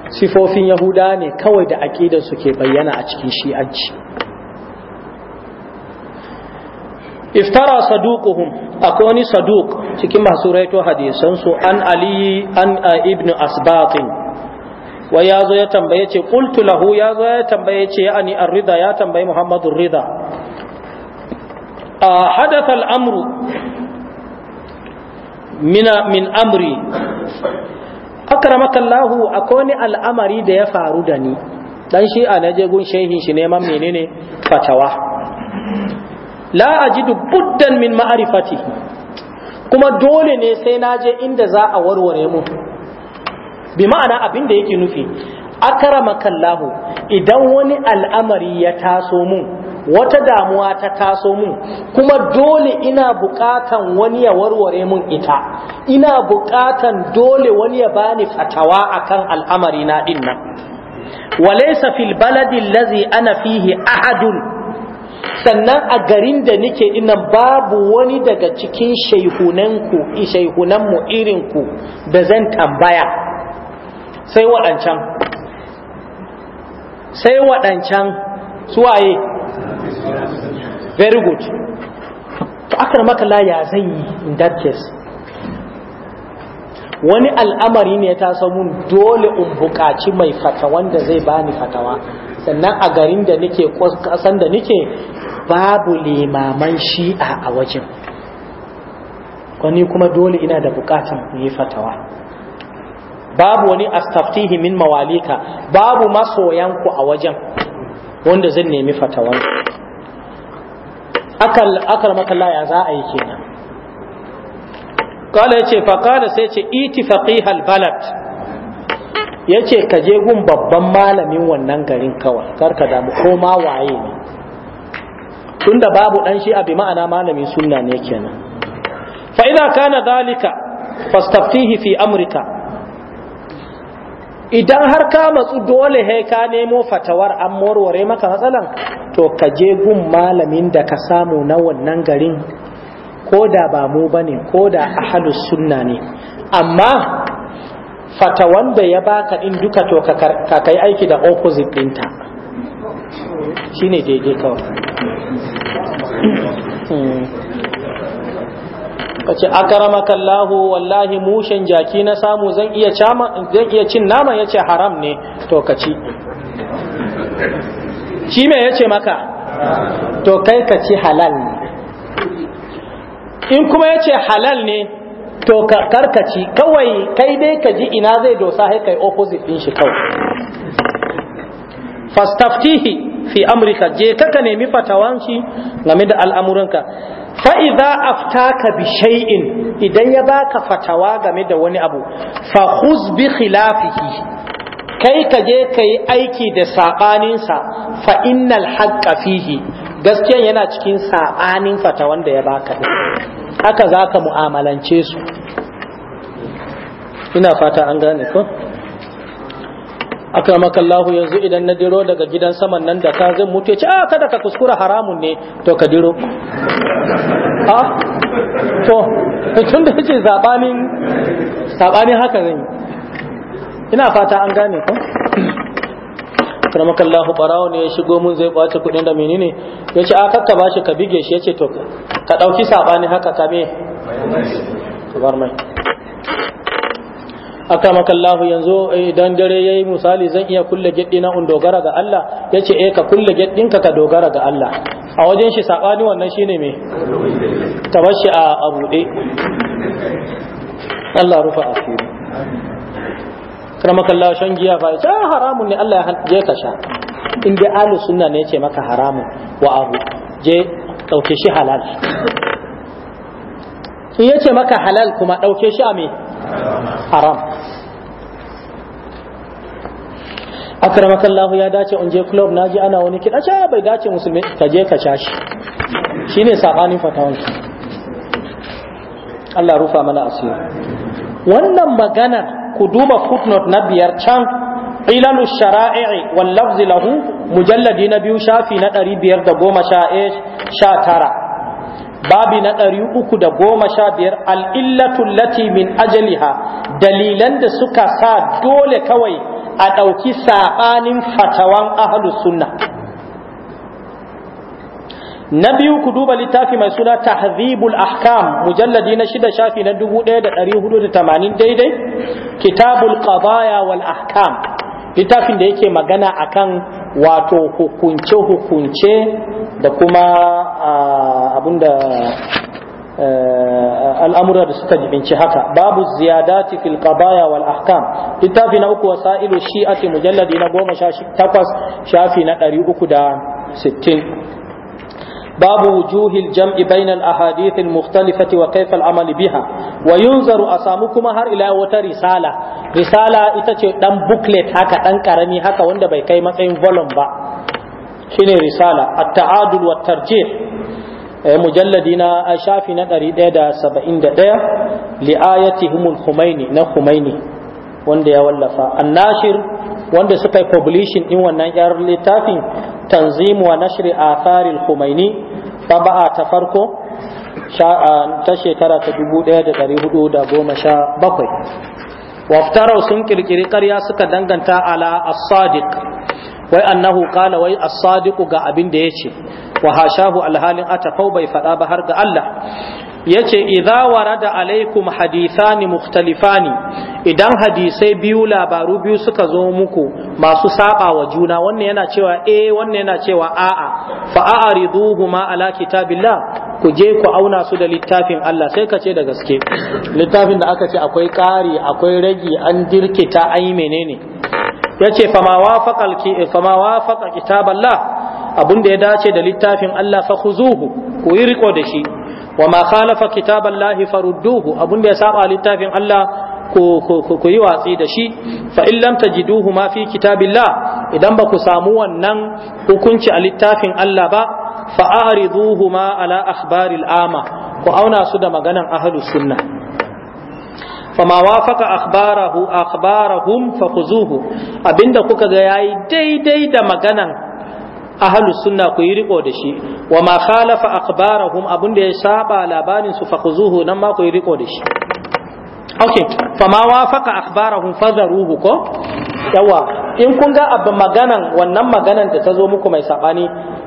sifofin yahuda ne kawai da aqidar su ke bayyana a cikin shi'anci iftara saduquhum akwai wani saduq cikin masu raito hadisan su an ali an ibnu asbatin wa ya zo ya tambaye ce qultu lahu ya zo ya tambaye ce ani ar-rida ya tambaye muhammadu rida hadatha al-amru mina min amri akramaka Allah akoni wani al'amari da ya faru da ni dan shi a naje gun shehin shi neman menene fatawa la ajidu buddan min ma'arifati kuma dole ne sai na je inda za a warware mu bi ma'ana abin da yake nufi kan kallahu idan wani al'amari ya taso mun wata damuwa ta taso mun kuma dole ina bukatan wani ya warware mun ita ina bukatan dole wani ya bani fatawa akan al'amari na dinnan walaysa fil baladi allazi ana fihi ahadun sannan a garin da nike inan babu wani daga cikin shaihunanku shaihunanmu irinku da zan tambaya sai waɗancan sai waɗancan suwaye very good to akar la ya zai yi in that case wani al'amari ne ta samu dole in buƙaci mai fata wanda zai bani fatawa sannan a garin da nake kasan da nake babu limaman shi'a a wajen wani kuma dole ina da bukatan yi fatawa babu wani astaftihi min mawalika babu masoyanku a wajen wanda zan nemi fatawan akal akal makalla ya za a yi kenan kala yace fa kala sai ce iti faqihal balad ya ce ka je gun babban malamin wannan garin kawai karka damu ko ma waye ne tunda babu dan shi abi ma'ana malamin sunna ne kenan fa idza kana dalika fastaftihi fi amrika idan har ka matsu dole he ka nemo fatawar an warware maka matsalan to ka je gun malamin da ka samu na wannan garin ko da ba mu bane ko da ahlus sunna ne amma fata wanda ya baka in duka to ka kai aiki da opposite dinta shine daidai kawai hmm. kace akramakallahu wallahi mushen jaki na samu zan iya chama zan iya cin nama yace haram ne to ka ci shi me yace maka to kai ka ci halal ne in kuma yace halal ne to ka karkaci kawai kai dai ka ji ina zai dosa sai kai opposite din shi kawai fastaftihi fi amrika je ka ka nemi fatawanci game da al'amuranka fa idza aftaka bi shay'in idan ya baka fatawa game da wani abu fa khuz bi khilafihi kai ka je kai aiki da sabanin sa fa innal haqqa fihi gaskiya yana cikin sabanin fatawan da ya baka haka za ka mu'amalance su ina fata an gane ko aka makallahu yanzu idan na diro daga gidan saman nan da ka zan mutu ya ce a ah, kada ka kuskura haramun ne to ka diro a ah, to tun da zabanin zabanin haka zan yi ina fata an gane ko akramakallahu barawo ne ya shigo mun zai kwace kuɗin da menene yace a kakka bashi ka bige shi yace to ka dauki sabani haka ka me bar mai akramakallahu yanzu eh, idan dare yayi misali zan iya kulle geddi na un dogara ga Allah yace eh ka kulle geddin ka ka dogara ga Allah a wajen shi sabani wannan shine me ka bashi a abude Allah rufa asiri akramakallah shan giya fa ce ah, haramun ne Allah ya je ka sha in dai ahlus sunna ne yace maka haramun wa abu je dauke shi halal in yace maka halal kuma dauke shi a me haram akramakallah ya dace in je club naji ana wani kida sha ah, bai dace musulmi ka je ka sha shi shine sabanin fatawan Allah rufa mana asiri wannan maganar ku duba footnote na biyar can ilalu shara'i wal lafzi lahu mujalladi na biyu shafi na ɗari biyar da goma sha e, tara babi na ɗari uku da goma sha biyar al'illatul lati min ajaliha dalilan da suka sa dole kawai a ɗauki saɓanin fatawan ahlus sunna na biyu ku duba littafi mai suna tahzibul ahkam mujalladi na shida shafi na dubu ɗaya da da ɗari tamanin daidai kitabul qadaya wal ahkam littafin da yake magana akan wato hukunce hukunce da kuma abinda al'amura da suka jibinci haka babu ziyadati fil qadaya wal ahkam littafi na uku wasailu shi'ati mujalladi na goma sha takwas shafi na ɗari uku da sittin باب وجوه الجمع بين الأحاديث المختلفة وكيف العمل بها وينظر أسامكما هر إلى وتا رسالة رسالة إتاتي دم بوكلت هكا دم كرمي هكا وندا باي كاي متسين فولوم با شيني رسالة التعادل والترجيح مجلدنا أشافي ندري ديدا سبعين ديدا لآيتهم الخميني نا خميني wanda ya wallafa annashir wanda suka yi publishing din wannan yar littafin tanzim wa nashri atharil khumaini ba'a ta farko ta shekara ta 1417 waftarau sun kirkiri ƙarya suka danganta ala as-sadiq wai annahu qala wai as-sadiq ga abin da yace wa hashahu alhalin atafau bai fada ba har ga Allah yace idza warada alaikum hadithani mukhtalifani idan hadisai biyu labaru biyu suka zo muku masu saba wa juna wannan yana cewa eh wannan yana cewa a'a fa a'riduhuma ala kitabillah ku je ku auna su da littafin Allah sai ka ce da gaske littafin da aka ce akwai ƙari akwai ragi an jirkita ai menene yace ki fa ma wafaqa kitaballah abinda ya dace da littafin Allah fa khuzuhu ku yi riko da shi wa ma khalafa kitaballahi farudduhu abun da ya saba littafin Allah ku yi watsi da shi fa in lam tajiduhu ma fi kitabillah idan ba ku samu wannan hukunci a littafin Allah ba fa a'riduhu ma ala akhbaril ama ku auna su da maganan ahlu sunna fama wafaqa akhbarahu akhbarahum fakhuzuhu abinda kuka ga yayi daidai da maganan ahlu sunna ku yi riko da shi wa ma khalafa akhbarahum abun da ya saba labarin su fa khuzuhu nan ma ku yi riko da shi okay fa ma wafaqa akhbarahum fadharuhu ko yawa in kun ga abin maganan wannan maganan da ta zo muku mai sabani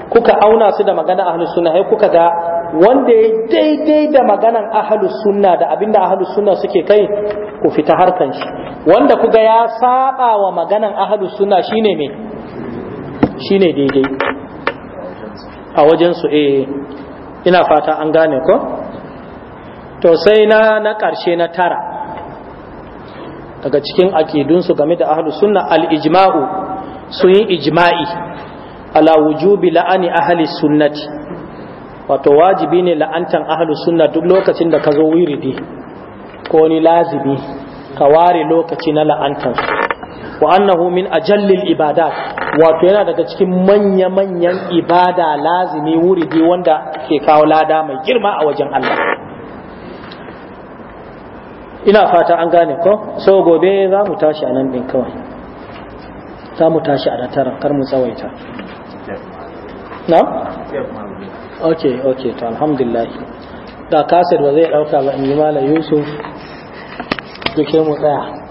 kuka auna su da magana ahlu sunna kuka ga wanda ya daidai da maganan ahlu sunna da abinda ahlu sunna suke kai ku fita harkan shi wanda kuga ya saba wa maganan ahlu sunna shine me Shi ne daidai a wajensu eh ina fata an gane ko to sai na na ƙarshe na tara daga cikin akidunsu game da ahlu sunna al-ijma'u sun yi ijma'i ala wujubi la'ani ahli sunnati wato wajibi ne la'antan ahlu sunna duk lokacin da ka zo wiridi ko ni lazimi ka ware lokaci na la'antansu wa annahu min ajallil ibadat wato yana daga cikin manya-manyan ibada lazimi wuridi wanda ke kawo lada mai girma a wajen Allah ina fata an gane ko so gobe za mu tashi a nan ɗin kawai za mu tashi a tara kar mu tsawaita na? ok ok to alhamdulillah da kasir ba zai ɗauka ba in yi mala yusuf duke mu tsaya